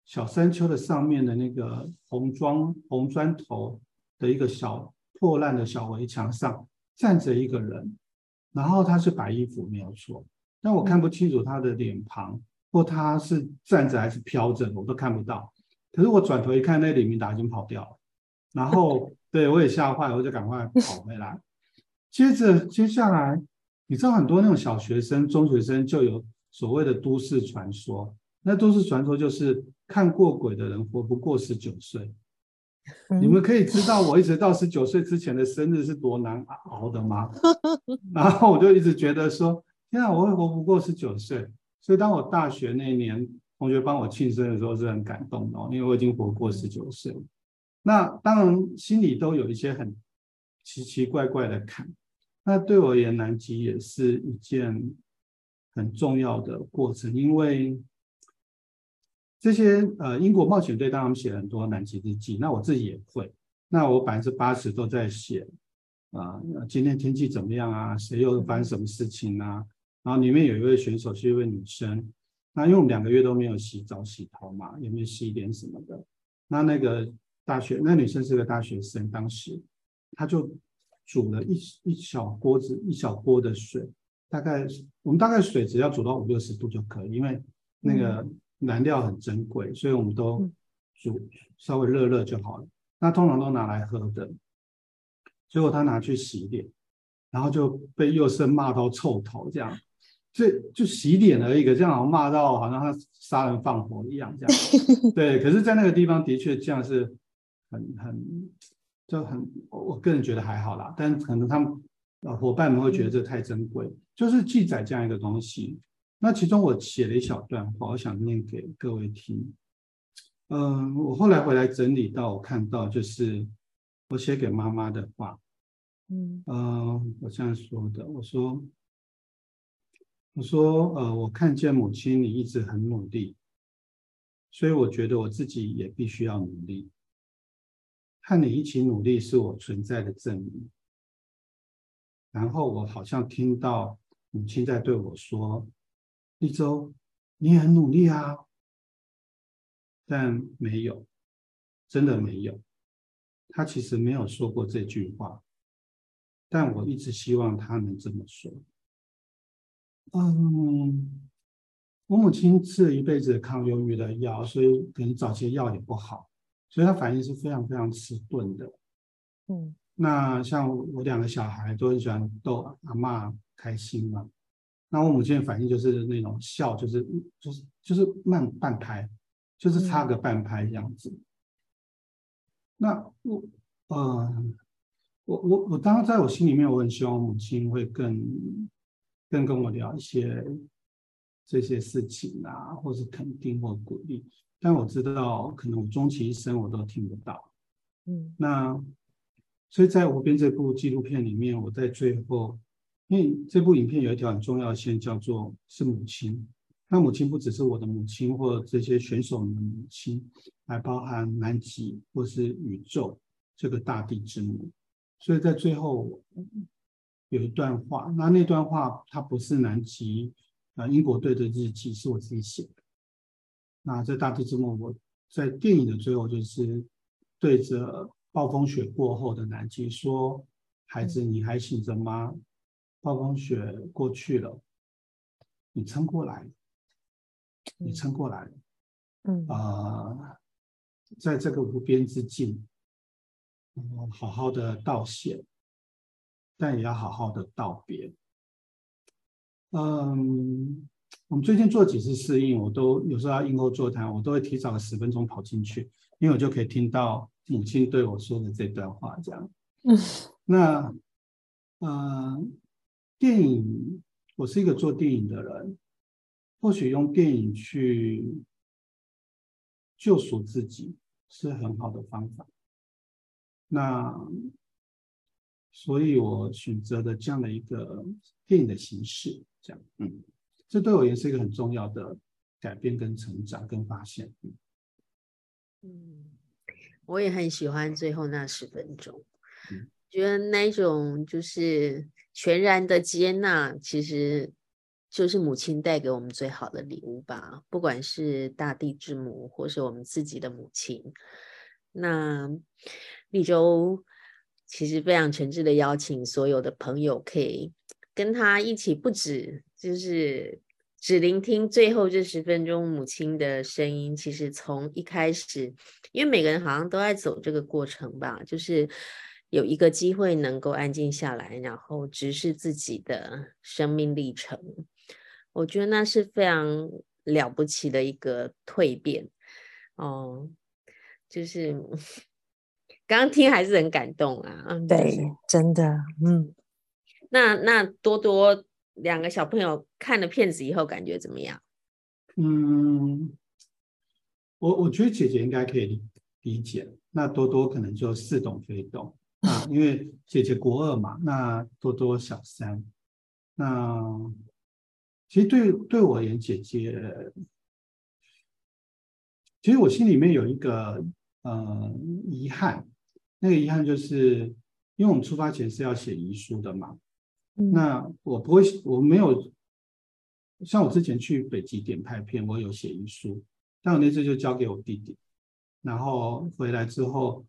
B: 小山丘的上面的那個紅磚紅磚頭的一個小破爛的小圍牆上站着一個人，然後他是白衣服沒有錯，但我看不清楚他的臉龐，或他是站着還是飄着，我都看不到。可是我轉頭一看，那李明達已經跑掉了。然後對，我也嚇壞了，我就趕快跑回來。接着接下來，你知道很多那種小學生、中學生就有，所謂的都市傳說，那都市傳說就是看過鬼的人活不過十九歲。 你們可以知道我一直到十九歲之前的生日是多難熬的嗎？然後我就一直覺得說，天啊，我會活不過十九歲。所以當我大學那一年同學幫我慶生的時候是很感動的，因為我已經活過十九歲。那當然心裡都有一些很奇奇怪怪的坎。那對我而言，南極也是一件。很重要的過程，因為這些呃，英國冒險隊，當然寫很多南極日記。那我自己也會，那我百分之八十都在寫啊。今天天氣怎麼樣啊？誰又發生什麼事情啊，然後裡面有一位選手是一位女生，那因為我們兩個月都沒有洗澡、洗頭嘛，也沒有洗臉什麼的。那那個大學，那女生是個大學生，當時她就煮了一一小鍋子、一小鍋的水，大概我們大概水只要煮到五六十度，就可以，因為那個燃料很珍貴，所以我們都煮稍微熱熱就好了。那通常都拿來喝的，結果他拿去洗臉，然後就被幼生罵到臭頭這樣。這就洗臉而已，這樣，罵到好像他殺人放火一樣這樣。對，可是，在那個地方的確這樣是很很就很，我個人覺得還好啦，但可能他們夥伴們會覺得這太珍貴。就是記載這樣一個東西。那其中我寫了一小段話，我想念給各位聽。嗯、呃，我後來回來整理到，我看到就是我寫給媽媽的話。嗯，呃，我這樣說的，我說，我說，呃，我看見母親，你一直很努力，所以我覺得我自己也必須要努力，和你一起努力是我存在的證明。然後我好像聽到。母親在對我說：“力州，你也很努力啊，但沒有，真的沒有。他其實沒有說過這句話，但我一直希望他能這麼說。”
D: 嗯，
B: 我母親吃了一輩子抗憂鬱的藥，所以可能早期藥也不好，所以她反應是非常非常遲鈍的。嗯，那像我兩個小孩都很喜歡逗阿嬤。開心嗎？那我母親的反應就是那種笑，就是就是就是慢半拍，就是差個半拍這樣子。那我，嗯、呃，我我我當時在我心裡面，我很希望我母親會更更跟我聊一些這些事情啊，或是肯定或鼓勵。但我知道，可能我終其一生我都聽不到。嗯，那所以，在無邊這部紀錄片裡面，我在最後。因為這部影片有一條很重要的線，叫做是母親，那母親不只是我的母親或這些選手的母親，還包含南極或是宇宙這個大地之母。所以在最後有一段話，那那段話它不是南極啊英國隊的日記，是我自己寫的。那在大地之母，我在電影的最後就是對着暴風雪過後的南極說：“孩子，你還醒着嗎？”暴風雪過去了，你撐過來，你撐過來，嗯啊、呃，在這個無邊之境，我、嗯、好好的道謝，但也要好好的道別。嗯，我們最近做幾次試映，我都有時候要映後座談，我都會提早個十分鐘跑進去，因為我就可以聽到母親對我說的這段話，這樣。嗯，那，嗯、呃。電影，我是一個做電影的人，或許用電影去救贖自己是很好的方法。那，所以我選擇的這樣的一個電影的形式，這樣，嗯，這對我也是一個很重要的改變、跟成長、跟發現。嗯，
A: 我也很喜歡最後那十分鐘，嗯、覺得那一種就是。全然的接納，其實就是母親帶給我們最好的禮物吧。不管是大地之母，或是我們自己的母親。那力州其實非常誠摯的邀請所有的朋友，可以跟他一起，不止就是只聆聽最後這十分鐘母親的聲音。其實從一開始，因為每個人好像都在走這個過程吧，就是。有一個機會能夠安靜下來，然後直視自己的生命歷程，我覺得那是非常了不起的一個蛻變哦。就是剛剛聽還是很感動啊，就是、對，
D: 真的，嗯。
A: 那那多多兩個小朋友看了片子以後感覺怎麼
B: 樣？嗯，我我覺得姐姐應該可以理解，那多多可能就似懂非懂。因為姐姐國二嘛，那多多小三，那其實對對我而言，姐姐其實我心裡面有一個呃遺憾，那個遺憾就是，因為我們出發前是要寫遺書的嘛，嗯，那我不會，我沒有像我之前去北極點拍片，我有寫遺書，但我那次就交給我弟弟，然後回來之後，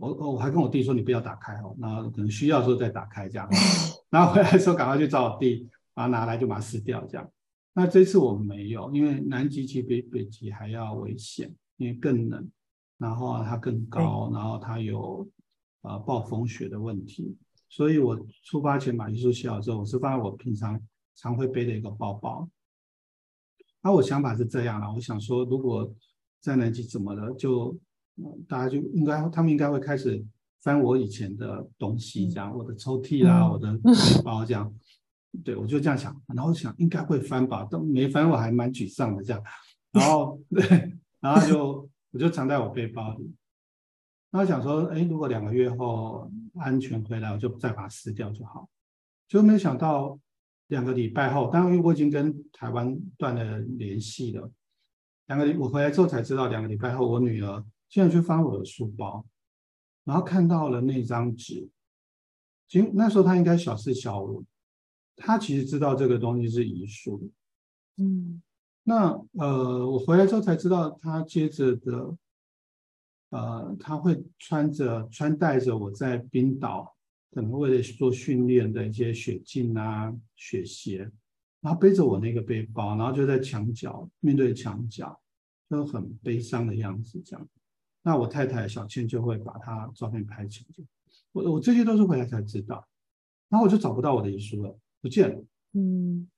B: 我我還跟我弟弟說，你不要打開哦，那可能需要的時候再打開這樣。 然後回來的時候，趕快去找我弟，把它拿來就把它撕掉這樣。那這次我沒有，因為南極其實比北北極還要危險，因為更冷，然後它更高，然後它有呃暴風雪的問題，所以我出發前把遺書寫好之後，我是放在我平常常會背的一個包包。那、啊、我想法是這樣了，我想說，如果在南極怎麼了，就。大家就應該，他們應該會開始翻我以前的東西，這樣、嗯、我的抽屜啦、啊，我的背包這樣，對我就這樣想，然後想應該會翻吧，但沒翻，我還蠻沮喪的這樣，然後，對然後就我就藏在我背包裡，然後想說，哎，如果兩個月後安全回來，我就再把它撕掉就好，就沒想到兩個禮拜後，當然因為我已經跟台灣斷了聯繫了，兩個我回來之後才知道，兩個禮拜後我女兒。現在去翻我的書包，然後看到了那張紙。那時候他應該小四小五，他其實知道這個東西是遺書。嗯，那呃，我回來之後才知道，他接着的，呃，他會穿着穿戴着我在冰島可能為了做訓練的一些雪鏡啊、雪鞋，然後背着我那個背包，然後就在牆角面對牆角，就很悲傷的樣子這樣。那我太太小倩就會把她照片拍起來，就我我這些都是回來才知道，然後我就找不到我的遺書了，不見了。嗯，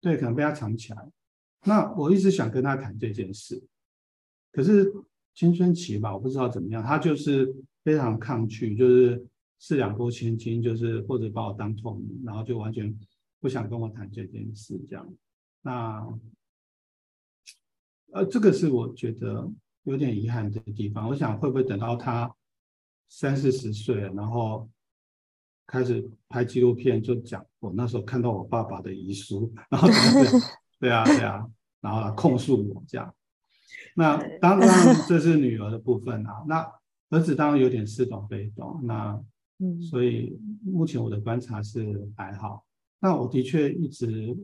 B: 對，可能被他藏起來。那我一直想跟他談這件事，可是青春期吧，我不知道怎麼樣，他就是非常抗拒，就是四兩撥千斤，就是或者把我當透明，然後就完全不想跟我談這件事這樣。那，呃，這個是我覺得。有點遺憾的地方，我想會不會等到他三四十歲了，然後開始拍紀錄片，就講我那時候看到我爸爸的遺書，然後對啊, 對啊，對啊，對啊，然後來，啊，控訴我這樣。那當然這是女兒的部分啊，那兒子當然有點似懂非懂。那嗯，所以目前我的觀察是還好。那我的確一直，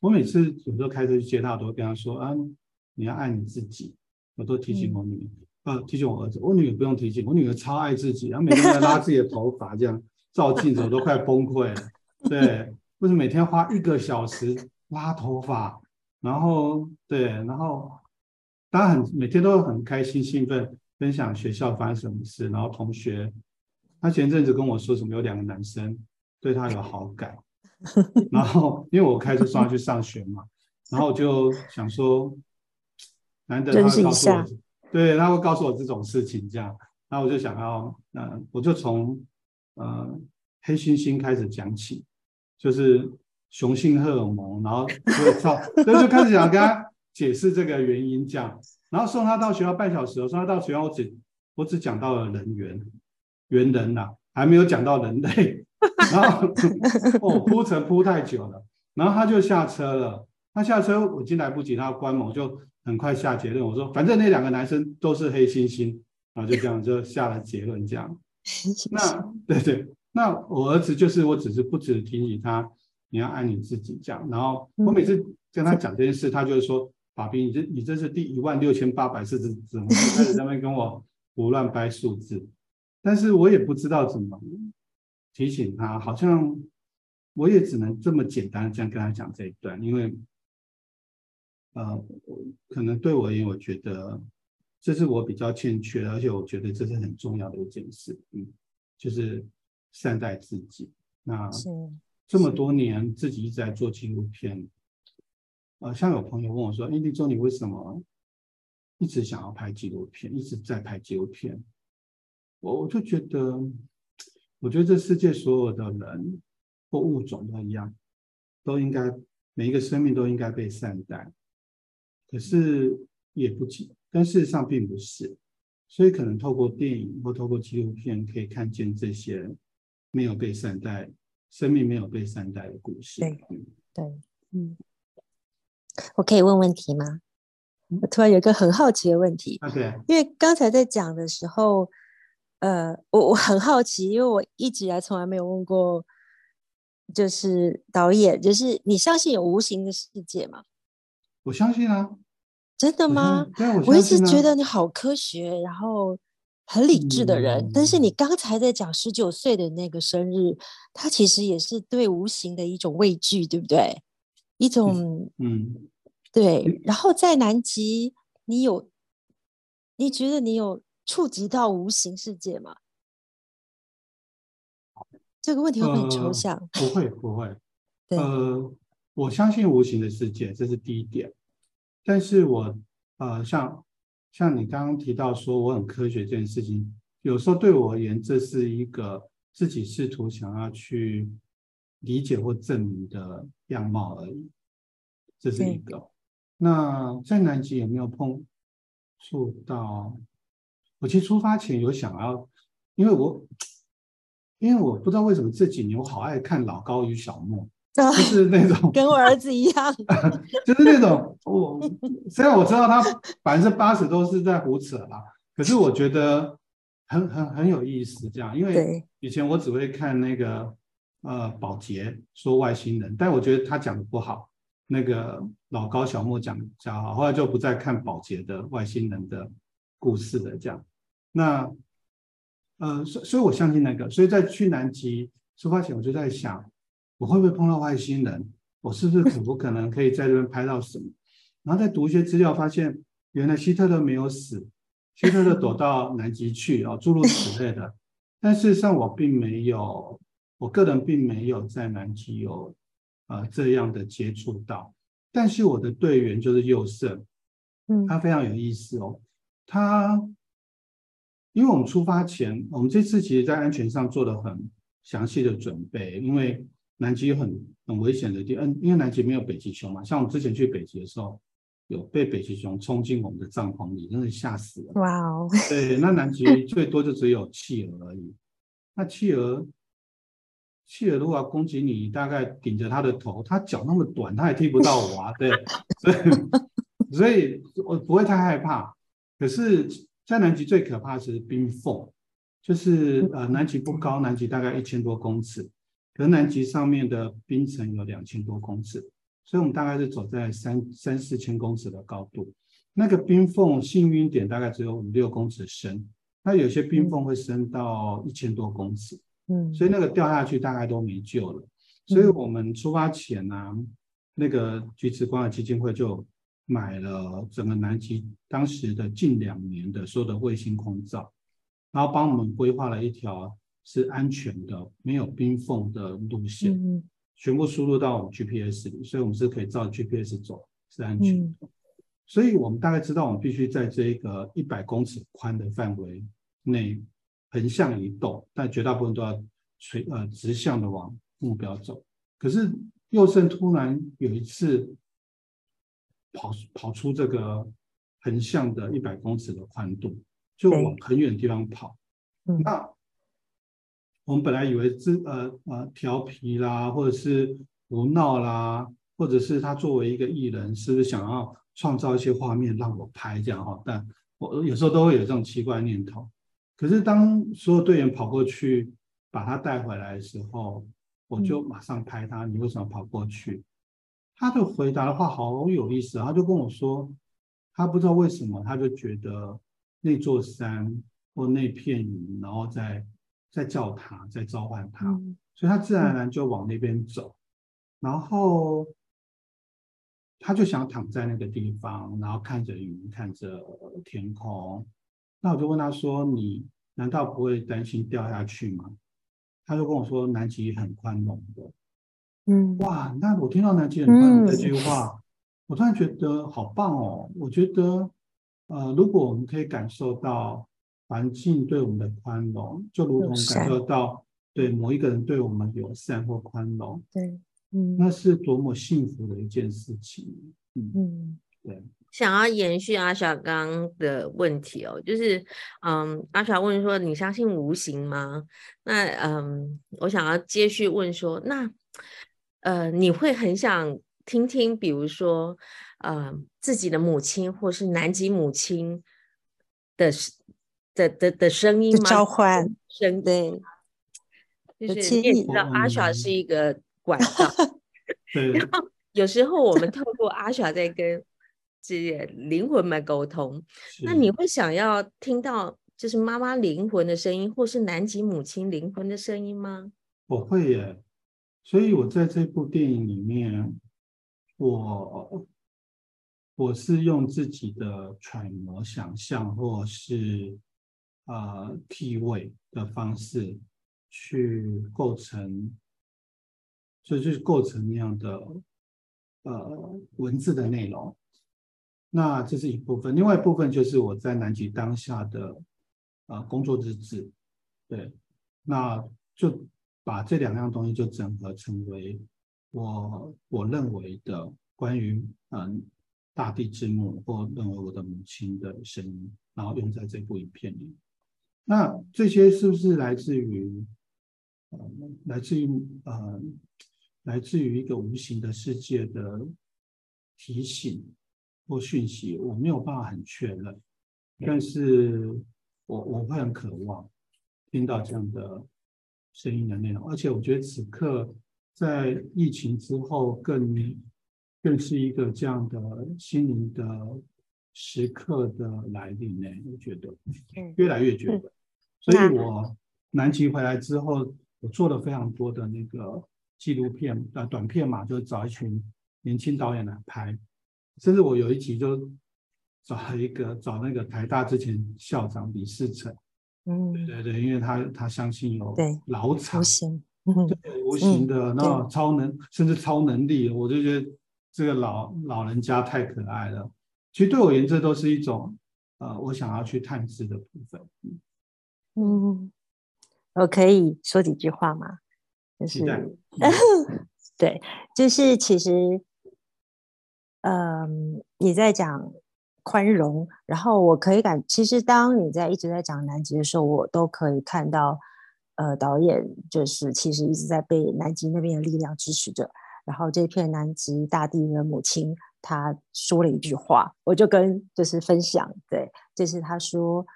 B: 我每次有時候開車去接他，我都會跟他說：“啊，你要愛你自己。”我都提醒我女兒啊，提醒我兒子。我女兒不用提醒，我女兒超愛自己，她每天都拉自己的頭髮，這樣照鏡子我都快崩潰了。對，為什麼每天花一個小時拉頭髮，然後對，然後她很每天都很開心興奮，分享學校發生什麼事，然後同學，她前陣子跟我說什麼，有兩個男生對她有好感，然後因為我開車送她去上學嘛，然後我就想說。難得會他告訴我，對，他會告訴我這種事情這樣，那我就想要，嗯、呃，我就從呃黑猩猩開始講起，就是雄性荷爾蒙，然後就，就 就開始想跟他解釋這個原因，這樣，然後送他到學校半小時，送他到學校我只我只講到了人猿，猿人吶、啊，還沒有講到人類，然後 哦鋪陳鋪太久了，然後他就下車了，他下車我已經來不及他，他關門就。很快下結論，我說反正那兩個男生都是黑猩猩，然後就這樣就下了結論。這樣， 那對對，那我兒子就是，我只是不止提醒他你要愛你自己這樣。然後我每次跟他講這件事，嗯、他就說是說爸比，你這你這是第一萬六千八百四十次，他 在那邊跟我胡亂掰數字，但是我也不知道怎麼提醒他，好像我也只能這麼簡單這樣跟他講這一段，因為。啊，我、呃、可能對我而言，我覺得，這是我比較欠缺，而且我覺得這是很重要的一件事，嗯，就是善待自己。那是這麼多年是自己一直在做紀錄片，啊、呃，像有朋友問我說：“力州、嗯、你為什麼一直想要拍紀錄片，一直在拍紀錄片？”我我就覺得，我覺得這世界所有的人或物種都一樣，都應該，每一個生命都應該被善待。可是也不急，但事實上並不是，所以可能透過電影或透過紀錄片可以看見這些沒有被善待、生命沒有被善待的故事。
D: 對,對，嗯，我可以問問題嗎？我突然有一個很好奇的問題，Okay. 因為剛才在講的時候，呃，我我很好奇，因為我一直以來從來沒有問過，就是導演，就是你相信有無形的世界嗎？
B: 我相信
D: 啊，真的嗎？我,我,啊、我一直覺得你好科學，然後很理智的人。嗯、但是你剛才在講十九歲的那個生日，它其實也是對無形的一種畏懼，對不對？一種嗯，對。嗯、然後在南極，你有你覺得你有觸及到無形世界嗎？呃、這個問題會不會很抽象？
B: 不會，不會。對。呃我相信無形的世界，這是第一點。但是我呃，像像，你剛剛提到說我很科學這件事情，有時候對我而言，這是一個自己試圖想要去理解或證明的樣貌而已。這是一個。對那在南極有沒有碰觸到？我其實出發前有想要，因為我因為我不知道為什麼這幾年我好愛看老高與小茉。就是那種
D: 跟我兒子一樣， 就是那種，雖然我知
B: 道他百分之八十都是在胡扯了啦，可是我覺得很很很有意思這樣，因為以前我只會看那個呃，寶傑說外星人，但我覺得他講的不好，那個老高小茉講得比較好，後來就不再看寶傑的外星人的故事了這樣。那呃，所所以，我相信那個，所以在去南極出發前，我就在想。我會不會碰到外星人？我是不是可不可能可以在這邊拍到什麼？ 然後再讀一些資料，發現原來希特勒沒有死，希 特勒躲到南極去啊、哦，諸如此類的。但事實上我並沒有，我個人並沒有在南極有啊、呃、這樣的接觸到。但是我的隊員就是宥勝，嗯，他非常有意思哦。 他因為我們出發前，我們這次其實，在安全上做了很詳細的準備，因為。南極很很危險的地方，嗯，因為南極沒有北極熊嘛。像我之前去北極的時候，有被北極熊衝進我們的帳篷裡，真的嚇死了。了。哇哦！對，那南極最多就只有企鵝而已。那企鵝，企鵝如果要攻擊你，大概頂着它的頭，它腳那麼短，它也踢不到我啊。對，所以 所以，所以我不會太害怕。可是，在南極最可怕的是冰縫，就是呃，南極不高，南極大概一千多公尺。河南極上面的冰層有兩千多公尺，所以我們大概是走在三三四千公尺的高度。那個冰縫幸運點大概只有五六公尺深，那有些冰縫會深到一千多公尺，嗯，所以那個掉下去大概都沒救了。嗯、所以我們出發前呢、啊，嗯、那個橘子關懷基金會就買了整個南極當時的近兩年的所有的衛星空照，然後幫我們規劃了一條。是安全的，沒有冰縫的路線，嗯、全部輸入到 GPS 裡，所以我們是可以照 GPS 走，是安全的。嗯、所以我們大概知道我們必須在這個一百公尺寬的範圍內橫向移動，但絕大部分都要垂，呃直向的往目標走。可是又勝突然有一次跑跑出這個橫向的一百公尺的寬度，就往很遠的地方跑，嗯、那。我們本來以為是呃呃調皮啦，或者是胡鬧啦，或者是他作為一個藝人，是不是想要創造一些畫面讓我拍這樣哈？但我有時候都會有這種奇怪的念頭。可是當所有隊員跑過去把他帶回來的時候，我就馬上拍他。你為什麼跑過去？他的回答的話好有意思啊，他就跟我說，他不知道為什麼，他就覺得那座山或那片雲，然後在。在叫他，在召喚他，嗯、所以他自然而然就往那邊走。然後他就想躺在那個地方，然後看着雲，看着、呃、天空。那我就問他說：“你難道不會擔心掉下去嗎？”他就跟我說：“南極很寬容的。”嗯，哇，那我聽到“南極很寬容”這句話，嗯、我突然覺得好棒哦！我覺得，呃，如果我們可以感受到。環境對我們的寬容，就如同感受到善對某一個人對我們友善或寬容。
A: 對，
B: 嗯，那是多麼幸福的一件事情。嗯，嗯對。
A: 想要延續 Asha 剛剛的問題哦，就是，嗯，Asha 問說你相信無形嗎？那，嗯，我想要接續問說，那，呃，你會很想聽聽，比如說，嗯、呃，自己的母親或是南極母親的。的的的聲音召喚聲音，就是你
D: 知道
A: ，Asha 是一個管道。 對。
D: 然
A: 後有時候我們透過 Asha 在跟這些靈魂來溝通。是那你會想要聽到，就是媽媽靈魂的聲音，或是南極母親靈魂的聲音嗎？
B: 我會耶。所以我在這部電影裡面，我我是用自己的揣摩、想象，或是。啊，替、呃、位的方式去構成，所以就是構成那樣的呃文字的內容。那這是一部分，另外一部分就是我在南極當下的啊、呃、工作日誌。對，那就把這兩樣東西就整合成為我我認為的關於嗯、呃、大地之母或認為我的母親的聲音，然後用在這部影片裡。那這些是不是來自於，呃，來自於呃，來自於一個無形的世界的提醒或訊息？我沒有辦法很確認，但是我我會很渴望聽到這樣的聲音的內容，而且我覺得此刻在疫情之後更，更更是一個這樣的心靈的。時刻的來臨呢，哎？我覺得，越來越覺得，嗯、所以，我南極回來之後，我做了非常多的那個紀錄片短片嘛，就找一群年輕導演來拍，甚至我有一集就找了一個找那個台大之前校長李嗣涔，嗯，
D: 對，
B: 對對，因為他他相信有對老場，對，無形、嗯、對無形的那超能，嗯、甚至超能力，我就覺得這個老老人家太可愛了。其實對我而言，這都是一種、呃、我想要去探知的
D: 部分。嗯，我可以說幾句話嗎？就是， 對，就是其實，嗯、呃，你在講寬容，然後我可以感，其實當你在一直在講南極的時候，我都可以看到，呃，導演就是其實一直在被南極那邊的力量支持着，然後這片南極大地的母親。他說了一句話，我就跟就是分享，對，這、就是他說，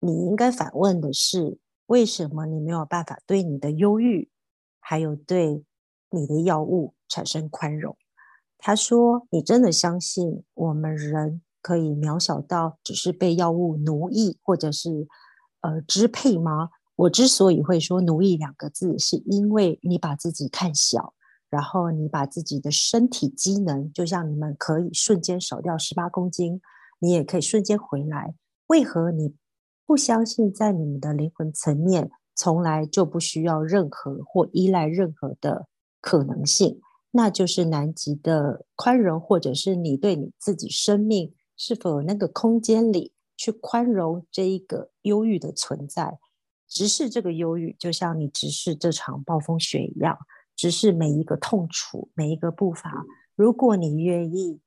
D: 你應該反問的是，為什麼你沒有辦法對你的憂鬱，還有對你的藥物產生寬容？他說，你真的相信我們人可以渺小到只是被藥物奴役，或者是呃支配嗎？我之所以會說奴役兩個字，是因為你把自己看小。然後你把自己的身體機能，就像你們可以瞬間少掉十八公斤，你也可以瞬間回來。為何你不相信，在你們的靈魂層面，從來就不需要任何或依賴任何的可能性？那就是南極的寬容，或者是你對你自己生命是否有那個空間裡去寬容這一個憂鬱的存在，直視這個憂鬱，就像你直視這場暴風雪一樣。直視每一個痛楚，每一個步伐。如果你願意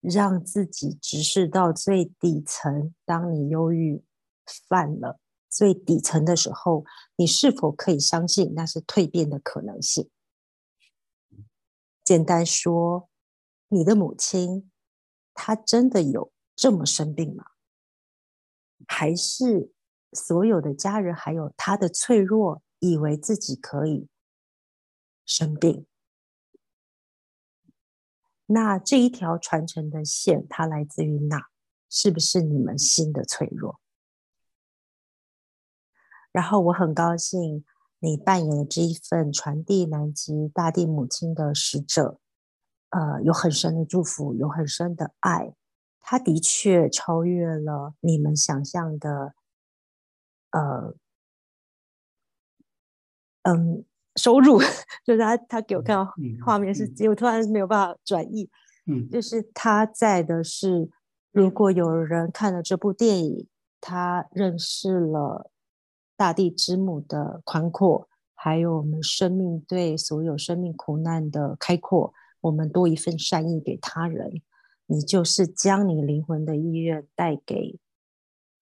D: 讓自己直視到最底層，當你憂鬱犯了最底層的時候，你是否可以相信那是蛻變的可能性？簡單說，你的母親她真的有這麼生病嗎？還是所有的家人還有她的脆弱，以為自己可以？生病，那這一條傳承的線，它來自於哪？是不是你們心的脆弱？然後我很高興你扮演了這一份傳遞南極大地母親的使者，呃，有很深的祝福，有很深的愛，它的確超越了你們想象的，呃，嗯。收入就是他，他給我看到畫面是，我突然沒有辦法轉譯。嗯、mm，hmm. 就是他在的是，如果有人看了這部電影，mm hmm. 他認識了大地之母的寬闊，還有我們生命對所有生命苦難的開闊。我們多一份善意給他人，你就是將你靈魂的意願帶給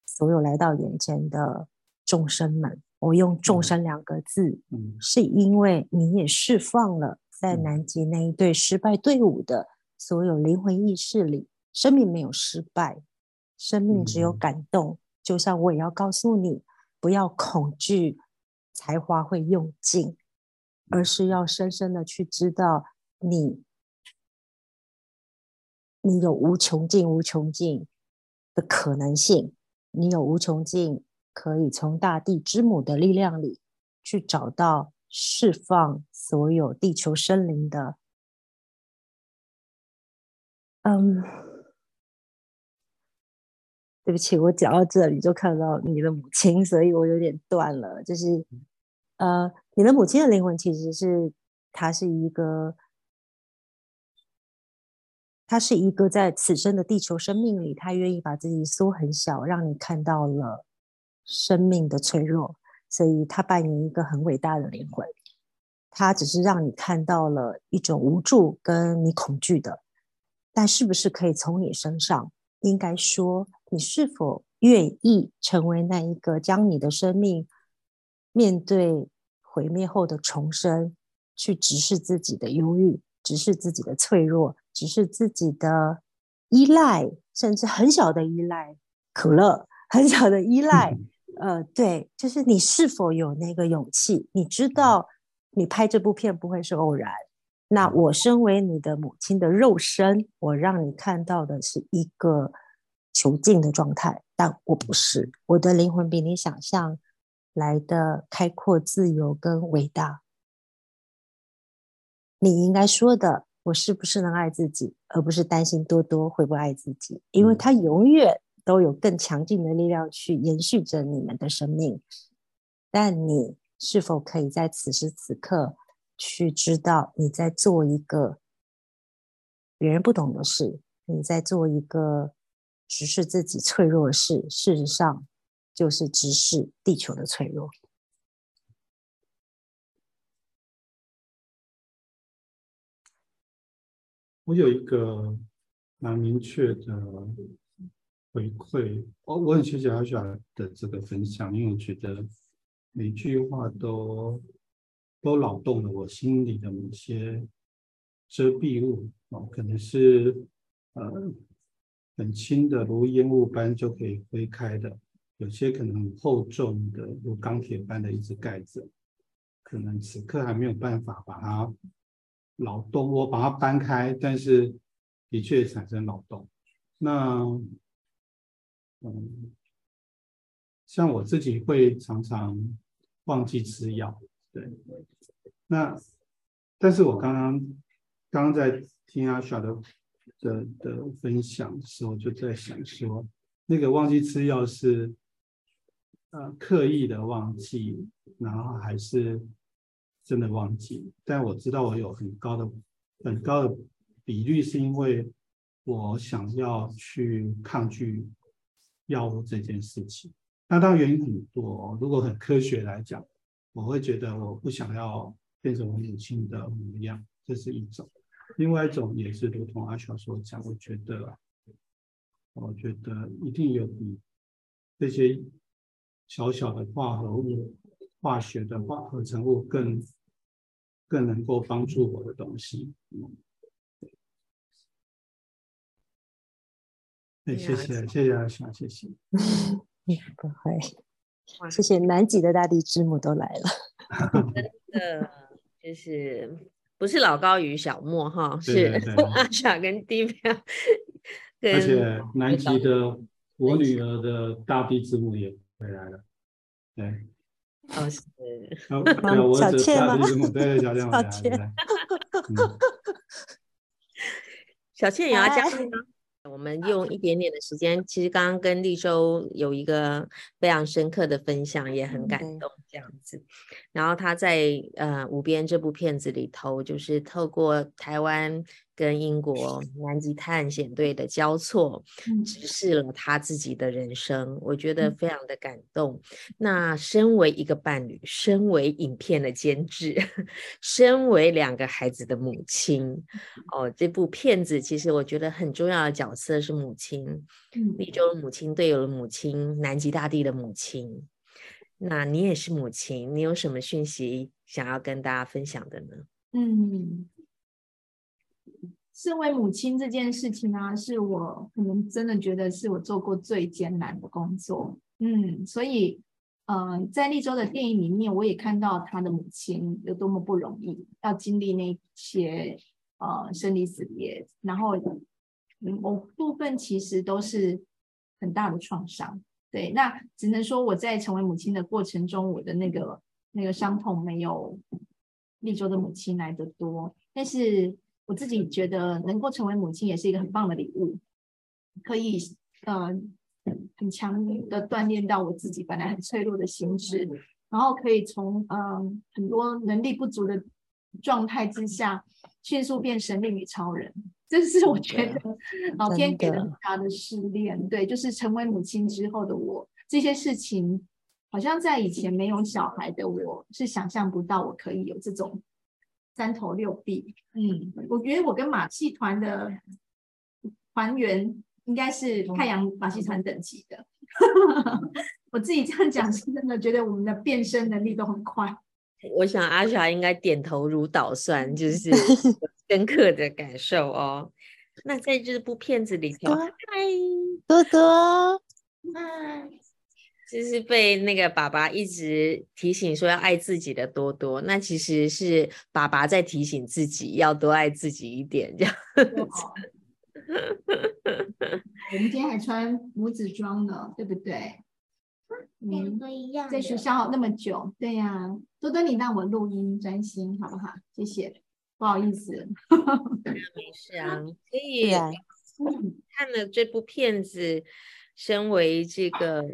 D: 所有來到眼前的眾生們。我用“眾生”兩個字，嗯嗯、是因為你也釋放了在南極那一對失敗隊伍的所有靈魂意識裡，生命沒有失敗，生命只有感動。嗯、就像我也要告訴你，不要恐懼才華會用盡，而是要深深的去知道你，你有無窮盡、無窮盡的可能性，你有無窮盡。可以從大地之母的力量裡去找到釋放所有地球生靈的。嗯，對不起，我講到這裡就看到你的母親，所以我有點斷了。就是，呃，你的母親的靈魂其實是，她是一個，她是一個在此生的地球生命裡，她願意把自己縮很小，讓你看到了。生命的脆弱，所以他扮演一個很偉大的靈魂。他只是讓你看到了一種無助跟你恐懼的，但是不是可以從你身上，應該說，你是否願意成為那一個將你的生命面對毀滅後的重生，去直視自己的憂鬱，直視自己的脆弱，直視自己的依賴，甚至很小的依賴，苦樂很小的依賴。嗯呃，對，就是你是否有那個勇氣？你知道，你拍這部片不會是偶然。那我身為你的母親的肉身，我讓你看到的是一個囚禁的狀態，但我不是，我的靈魂比你想象來的開闊、自由跟偉大。你應該說的，我是不是能愛自己，而不是擔心多多會不愛自己，因為他永遠，都有更強勁的力量去延續着你們的生命，但你是否可以在此時此刻去知道，你在做一個別人不懂的事，你在做一個直視自己脆弱的事，事實上就是直視地球的脆弱。我有一個蠻明確的。回饋我，我很
B: 謝謝 Asha 的這個分享，因為我覺得每句話都都擾動了我心裡的某些遮蔽物，哦，可能是呃很輕的，如煙霧般就可以揮開的；有些可能很厚重的，如鋼鐵般的一隻蓋子，可能此刻還沒有辦法把它擾動，我把它搬開，但是的確產生擾動。那嗯，像我自己會常常忘記吃藥，對。那，但是我剛剛剛剛在聽 Asha 的的的分享的時候，就在想說，那個忘記吃藥是呃刻意的忘記，然後還是真的忘記？但我知道我有很高的很高的比率，是因為我想要去抗拒。藥物這件事情，那當然原因很多。如果很科學來講，我會覺得我不想要變成我母親的模樣，這是一種；另外一種也是，如同阿小所講，我覺得，我覺得一定有比這些小小的化合物、化學的化合成物更更能夠幫助我的東西。嗯。謝
D: 謝謝謝 Asha，謝謝。不會，謝謝南極的大地之母都來
A: 了，真的就是不是老高與小莫哈，是 Asha 跟 Divya。而且
B: 南極的我女兒的大地之母也
D: 回來了，對，哦是小倩嗎？小倩
A: 小倩也要加入我們用一點點的時間，其實剛剛跟力州有一個非常深刻的分享，也很感動這樣子。然後他在呃《無邊》這部片子裡頭，就是透過台灣。跟英國南極探險隊的交錯，直視了他自己的人生，我覺得非常的感動。那身為一個伴侶，身為影片的監製，身為兩個孩子的母親，哦，這部片子其實我覺得很重要的角色是母親，力州的母親，隊友的母親，南極大地的母親。那你也是母親，你有什麼訊息想要跟大家分享的呢？嗯。
C: 身為母親這件事情呢、啊，是我可能真的覺得是我做過最艱難的工作。嗯，所以，嗯、呃，在力州的電影裡面，我也看到他的母親有多麼不容易，要經歷那些、呃、生離死別，然後某部分其實都是很大的創傷。對，那只能說我在成為母親的過程中，我的那個那個傷痛沒有力州的母親來得多，但是。我自己覺得能夠成為母親也是一個很棒的禮物，可以嗯、呃、很強的鍛鍊到我自己本來很脆弱的心智，然後可以從嗯、呃、很多能力不足的狀態之下，迅速變成神力女超人，這是我覺得老天給了很大的試煉。的對，就是成為母親之後的我，這些事情好像在以前沒有小孩的我是想象不到我可以有這種。三頭六臂，嗯，我覺得我跟馬戲團的團員應該是太陽馬戲團等級的。 我自己這樣講是真的，覺得我們的變身能力都很快。
A: 我想阿霞應該點頭如搗蒜，就是深刻的感受哦。 那在這部片子裡頭，
D: 嗨多多，嗨。
A: 就是被那個爸爸一直提醒說要愛自己的多多，那其實是爸爸在提醒自己要多愛自己一點，這
C: 樣。哇 我們今天還穿母子裝呢，對不對？嗯，都一樣。在學校那麼久，對呀、啊。多多，你讓我錄音專心好不好？謝謝，不好意思。
A: 沒事啊，
D: 可
C: 以、啊嗯、
A: 看了這部片子，身為這個、啊。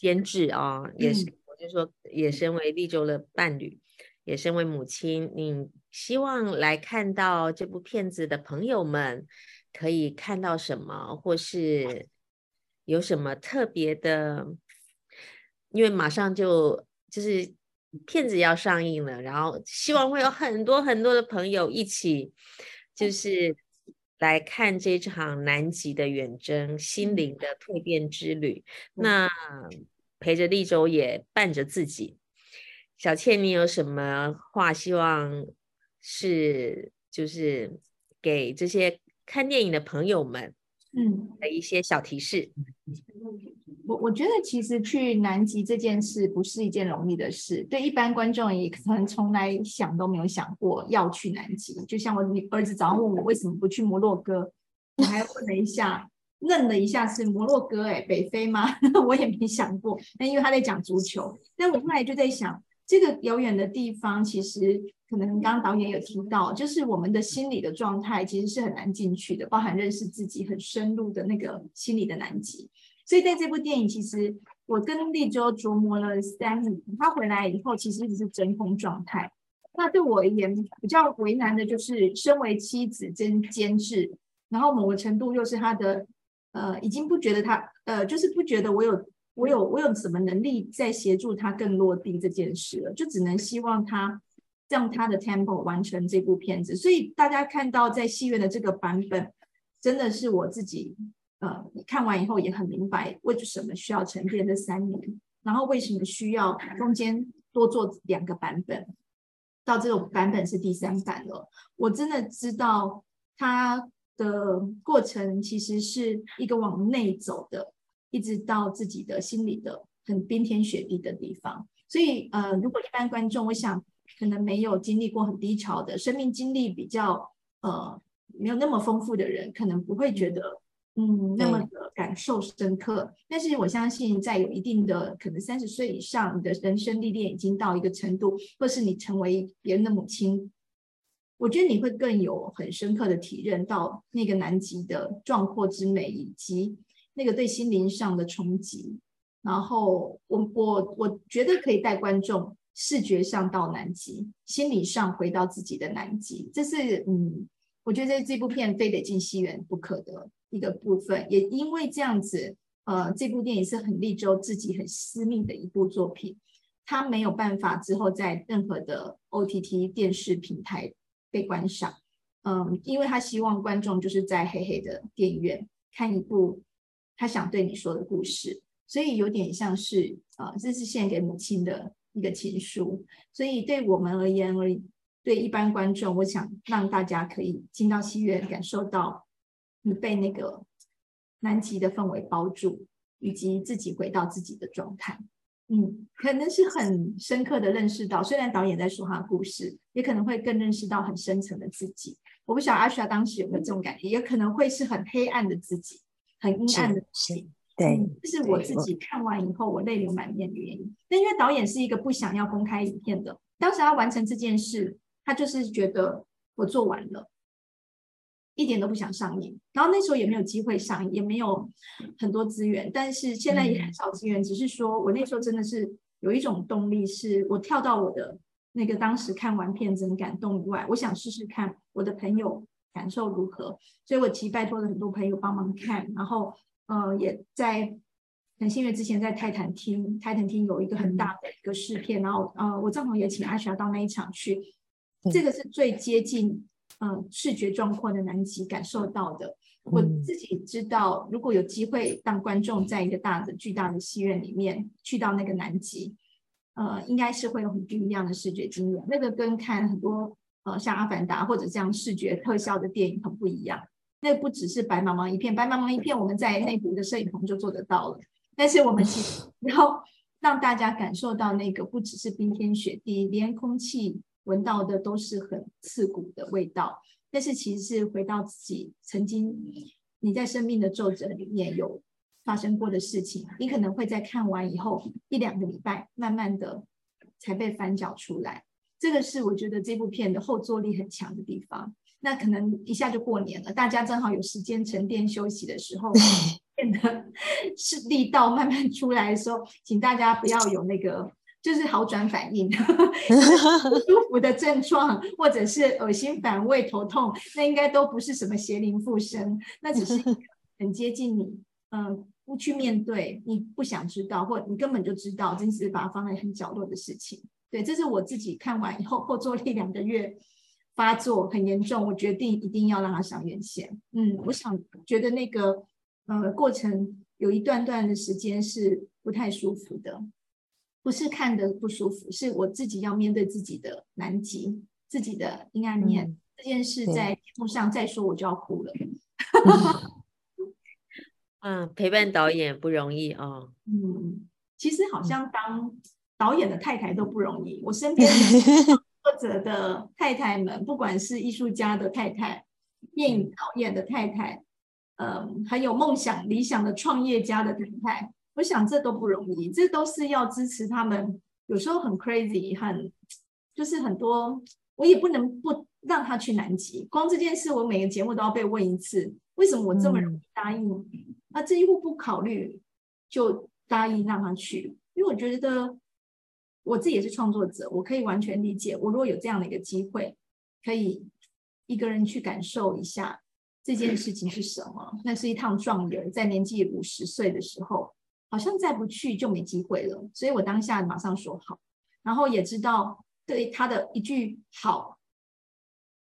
A: 監製啊，也是，我就說，也身為力州的伴侶，也身為母親，你希望來看到這部片子的朋友們，可以看到什麼，或是有什麼特別的？因為馬上就就是片子要上映了，然後希望會有很多很多的朋友一起，就是。來看這場南極的遠征，心靈的蛻變之旅。那陪着力州，也伴着自己。小倩，你有什麼話？希望是就是給這些看電影的朋友們。嗯，的一些小提示。
C: 嗯、我我覺得其實去南極這件事不是一件容易的事，對一般觀眾也可能從來想都沒有想過要去南極。就像我兒子早上問我為什麼不去摩洛哥，我還問了一下，愣 了一下，是摩洛哥，欸？哎，北非嗎？ 我也沒想過。那因為他在講足球，但我後來就在想，這個遙遠的地方其實。可能剛剛導演有提到，就是我們的心理的狀態其實是很難進去的，包含認識自己很深入的那個心理的難題。所以在這部電影，其實我跟力州琢磨了三年，他回來以後其實一直是真空狀態。那對我而言比較為難的就是，身為妻子兼監制，然後某個程度又是他的呃，已經不覺得他呃，就是不覺得我有我有我有什麼能力在協助他更落地這件事了，就只能希望他。讓他的 temple 完成這部片子，所以大家看到在戲院的這個版本，真的是我自己呃看完以後也很明白為什麼需要沉澱這三年，然後為什麼需要中間多做兩個版本，到這種版本是第三版了，我真的知道他的過程其實是一個往內走的，一直到自己的心裡的很冰天雪地的地方，所以呃，如果一般觀眾，我想。可能沒有經歷過很低潮的生命經歷，比較呃沒有那麼豐富的人，可能不會覺得嗯那麼的感受深刻。對但是我相信，在有一定的可能三十歲以上，你的人生歷練已經到一個程度，或是你成為別人的母親，我覺得你會更有很深刻的體驗到那個南極的壯闊之美，以及那個對心靈上的衝擊。然後我我我覺得可以帶觀眾。視覺上到南極，心理上回到自己的南極，這是嗯，我覺得這部片非得進戲院不可的一個部分。也因為這樣子，呃，這部電影是很力州自己很私密的一部作品，他沒有辦法之後在任何的 OTT 電視平台被觀賞，嗯、呃，因為他希望觀眾就是在黑黑的電影院看一部他想對你說的故事，所以有點像是呃這是獻給母親的。一個情書，所以對我們而言，而言，而對一般觀眾，我想讓大家可以進到戲院，感受到你被那個南極的氛圍包住，以及自己回到自己的狀態。嗯，可能是很深刻的認識到，雖然導演在說他的故事，也可能會更認識到很深層的自己。我不曉得 Asha 當時有沒有這種感覺？嗯、也可能會是很黑暗的自己，很陰暗的自己。對，這是我自己看完以後我淚流滿面的原因。那因為導演是一個不想要公開影片的，當時他完成這件事，他就是覺得我做完了，一點都不想上映。然後那時候也沒有機會上映，也沒有很多資源，但是現在也很少資源。嗯、只是說我那時候真的是有一種動力，是我跳到我的那個當時看完片子很感動以外，我想試試看我的朋友感受如何，所以我其實拜託了很多朋友幫忙看，然後。嗯、呃，也在很幸運之前在泰坦廳，泰坦廳有一個很大的一個試片，然後呃，我正好也請 Asha 到那一場去，這個是最接近嗯、呃、視覺狀況的南極感受到的。我自己知道，如果有機會讓觀眾在一個大的、巨大的戲院裡面去到那個南極，呃，應該是會有很不一樣的視覺經驗。那個跟看很多呃像《阿凡達》或者這樣視覺特效的電影很不一樣。那不只是白茫茫一片，白茫茫一片，我們在內部的攝影棚就做得到了。但是我們其實要讓大家感受到那個不只是冰天雪地，連空氣聞到的都是很刺骨的味道。但是其實是回到自己曾經你在生命的皺褶裡面有發生過的事情，你可能會在看完以後一兩個禮拜，慢慢的才被翻攪出來。這個是我覺得這部片的後坐力很強的地方。那可能一下就過年了，大家正好有時間沉澱休息的時候，啊，變得是力道慢慢出來的時候，請大家不要有那個就是好轉反應，呵呵 舒服的症狀，或者是噁心、反胃、頭痛，那應該都不是什麼邪靈附身，那只是很接近你，嗯，不去面對，你不想知道，或你根本就知道，只是把它放在很角落的事情。對，這是我自己看完以後，後座力一兩個月。發作很嚴重，我決定一定要讓他上院線。嗯，我想覺得那個呃過程有一段段的時間是不太舒服的，不是看得不舒服，是我自己要面對自己的難題、自己的陰暗面。嗯，這件事在節目上再說，我就要哭了。
A: 嗯， 嗯，陪伴導演不容易哦。嗯，
C: 其實好像當導演的太太都不容易，我身邊。 者的太太們，不管是藝術家的太太、電影導演的太太，嗯、呃，還有夢想、理想的創業家的太太，我想這都不容易，這都是要支持他們。有時候很 crazy，很就是很多，我也不能不讓他去南極。光這件事，我每個節目都要被問一次：為什麼我這麼容易答應？嗯、啊，這幾乎不考慮就答應讓他去，因為我覺得。我自己也是創作者，我可以完全理解。我如果有這樣的一個機會，可以一個人去感受一下這件事情是什麼，那是一趟壯遊，在年紀五十歲的時候，好像再不去就沒機會了。所以我當下馬上說好，然後也知道對他的一句好，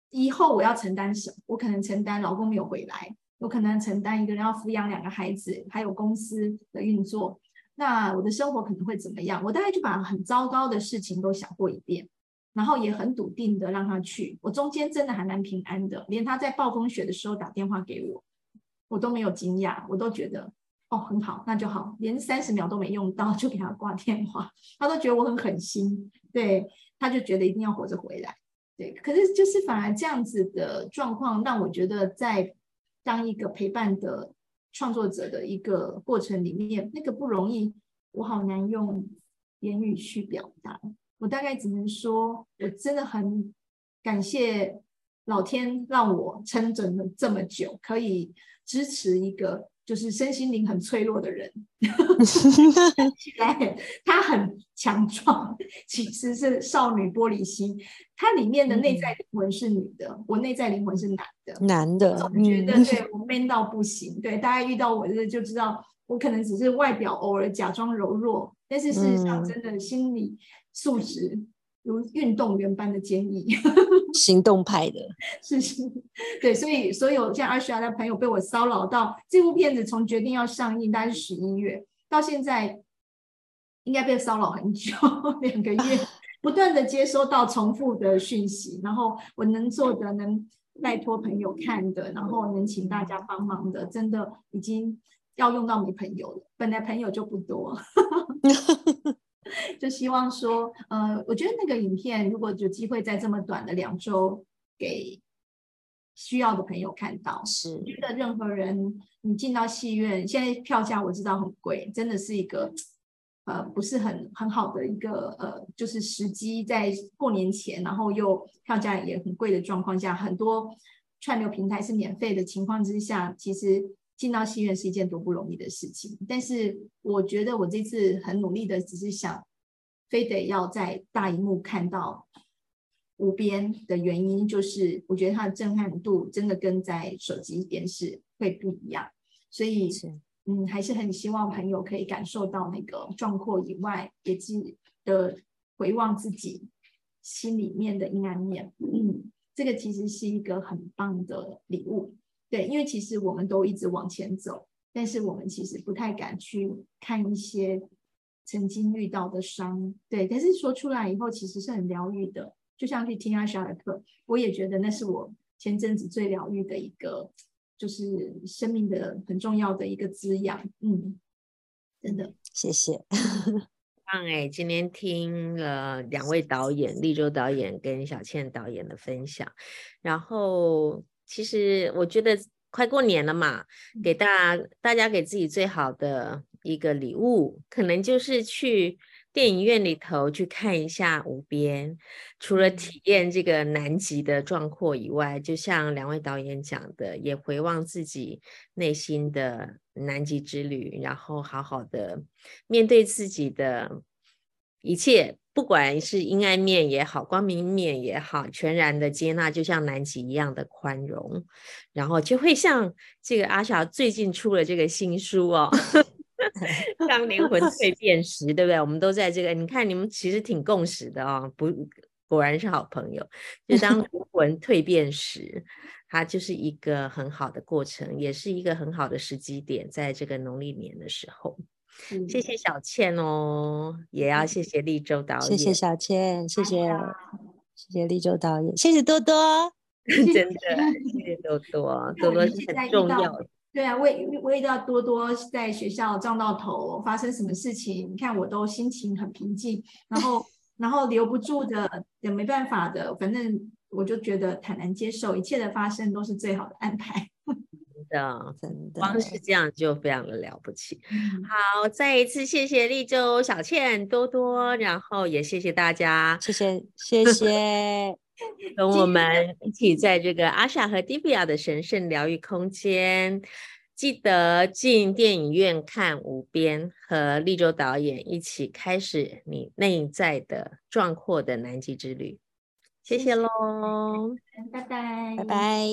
C: 以後我要承擔什麼？我可能承擔老公沒有回來，我可能承擔一個人要撫養兩個孩子，還有公司的運作。那我的生活可能會怎麼樣？我大概就把很糟糕的事情都想過一遍，然後也很篤定的讓他去。我中間真的還蠻平安的，連他在暴風雪的時候打電話給我，我都沒有驚訝，我都覺得哦很好，那就好。連三十秒都沒用到就給他掛電話，他都覺得我很狠心。對，他就覺得一定要活着回來。對，可是就是反而這樣子的狀況，讓我覺得在當一個陪伴的。創作者的一個過程裡面，那個不容易，我好難用言語去表達。我大概只能說，我真的很感謝老天讓我撐著了這麼久，可以支持一個。就是身心靈很脆弱的人， 看來他很強壯，其實是少女玻璃心。他裡面的內在靈魂是女的，嗯、我內在靈魂是男的，
D: 男的我總覺得、嗯、對
C: 我 man 到不行。對，大家遇到我，就就知道我可能只是外表偶爾假裝柔弱，但是事實上真的心理素質、嗯。嗯如運動員般的堅毅，
D: 行動派的，
C: 是是，對，所以所有像 Asha 的朋友被我騷擾到，這部片子從決定要上映，大概是十一月到現在，應該被騷擾很久，兩個月，不斷的接收到重複的訊息， 然後我能做的，能拜託朋友看的，然後能請大家幫忙的，真的已經要用到沒朋友了，本來朋友就不多。 就希望說，呃，我覺得那個影片如果有機會在這麼短的兩周給需要的朋友看到，是覺得任何人你進到戲院，現在票價我知道很貴，真的是一個呃不是很很好的一個呃，就是時機在過年前，然後又票價也很貴的狀況下，很多串流平台是免費的情況之下，其實。進到戲院是一件多不容易的事情，但是我覺得我這次很努力的，只是想非得要在大熒幕看到無邊的原因，就是我覺得它的震撼度真的跟在手機電視會不一樣，所以是嗯還是很希望朋友可以感受到那個壯闊以外，也記得回望自己心裡面的陰暗面，嗯，這個其實是一個很棒的禮物。對，因為其實我們都一直往前走，但是我們其實不太敢去看一些曾經遇到的傷。對，但是說出來以後，其實是很療癒的。就像去聽阿沙的課，我也覺得那是我前陣子最療癒的一個，就是生命的很重要的一個滋養。嗯，真的，謝
D: 謝。
A: 棒哎、欸，今天聽了兩位導演，力州導演跟小倩導演的分享，然後。其實我覺得快過年了嘛，給大家大家給自己最好的一個禮物，可能就是去電影院裡頭去看一下《無邊》，除了體驗這個南極的壯闊以外，就像兩位導演講的，也回望自己內心的南極之旅，然後好好的面對自己的一切。不管是陰暗面也好，光明面也好，全然的接納，就像南極一樣的寬容，然後就會像這個 Asha 最近出了這個新書哦，當 靈魂蛻變時， 對不對？我們都在這個，你看你們其實挺共識的哦，不，果然是好朋友。就當靈魂蛻變時， 它就是一個很好的過程，也是一個很好的時機點，在這個農曆年的時候。嗯、謝謝小倩哦，也要謝謝力州導演，嗯。謝謝
D: 小倩，謝謝，哎、呀謝謝力州導演，謝謝多多，謝謝呵呵真的謝謝
A: 多多，多
D: 多
C: 是很重要的。我對啊，為為到多多在學校撞到頭，發生什麼事情，你看我都心情很平靜，然後 然後留不住的也沒辦法的，反正我就覺得坦然接受一切的發生都是最好的安排。
A: 的，真的，光是這樣就非常的了不起。嗯、哼
C: 好，再一次謝謝
A: 力州、小倩、多多，然後也謝謝大家，謝謝謝謝，跟 我們一起在這個阿莎和迪比亞的神聖療癒空間，記得進電影院看《無邊》，和力州導演一起開始你內在的壯闊的南極之旅。謝謝嘍，
D: 拜拜，拜拜。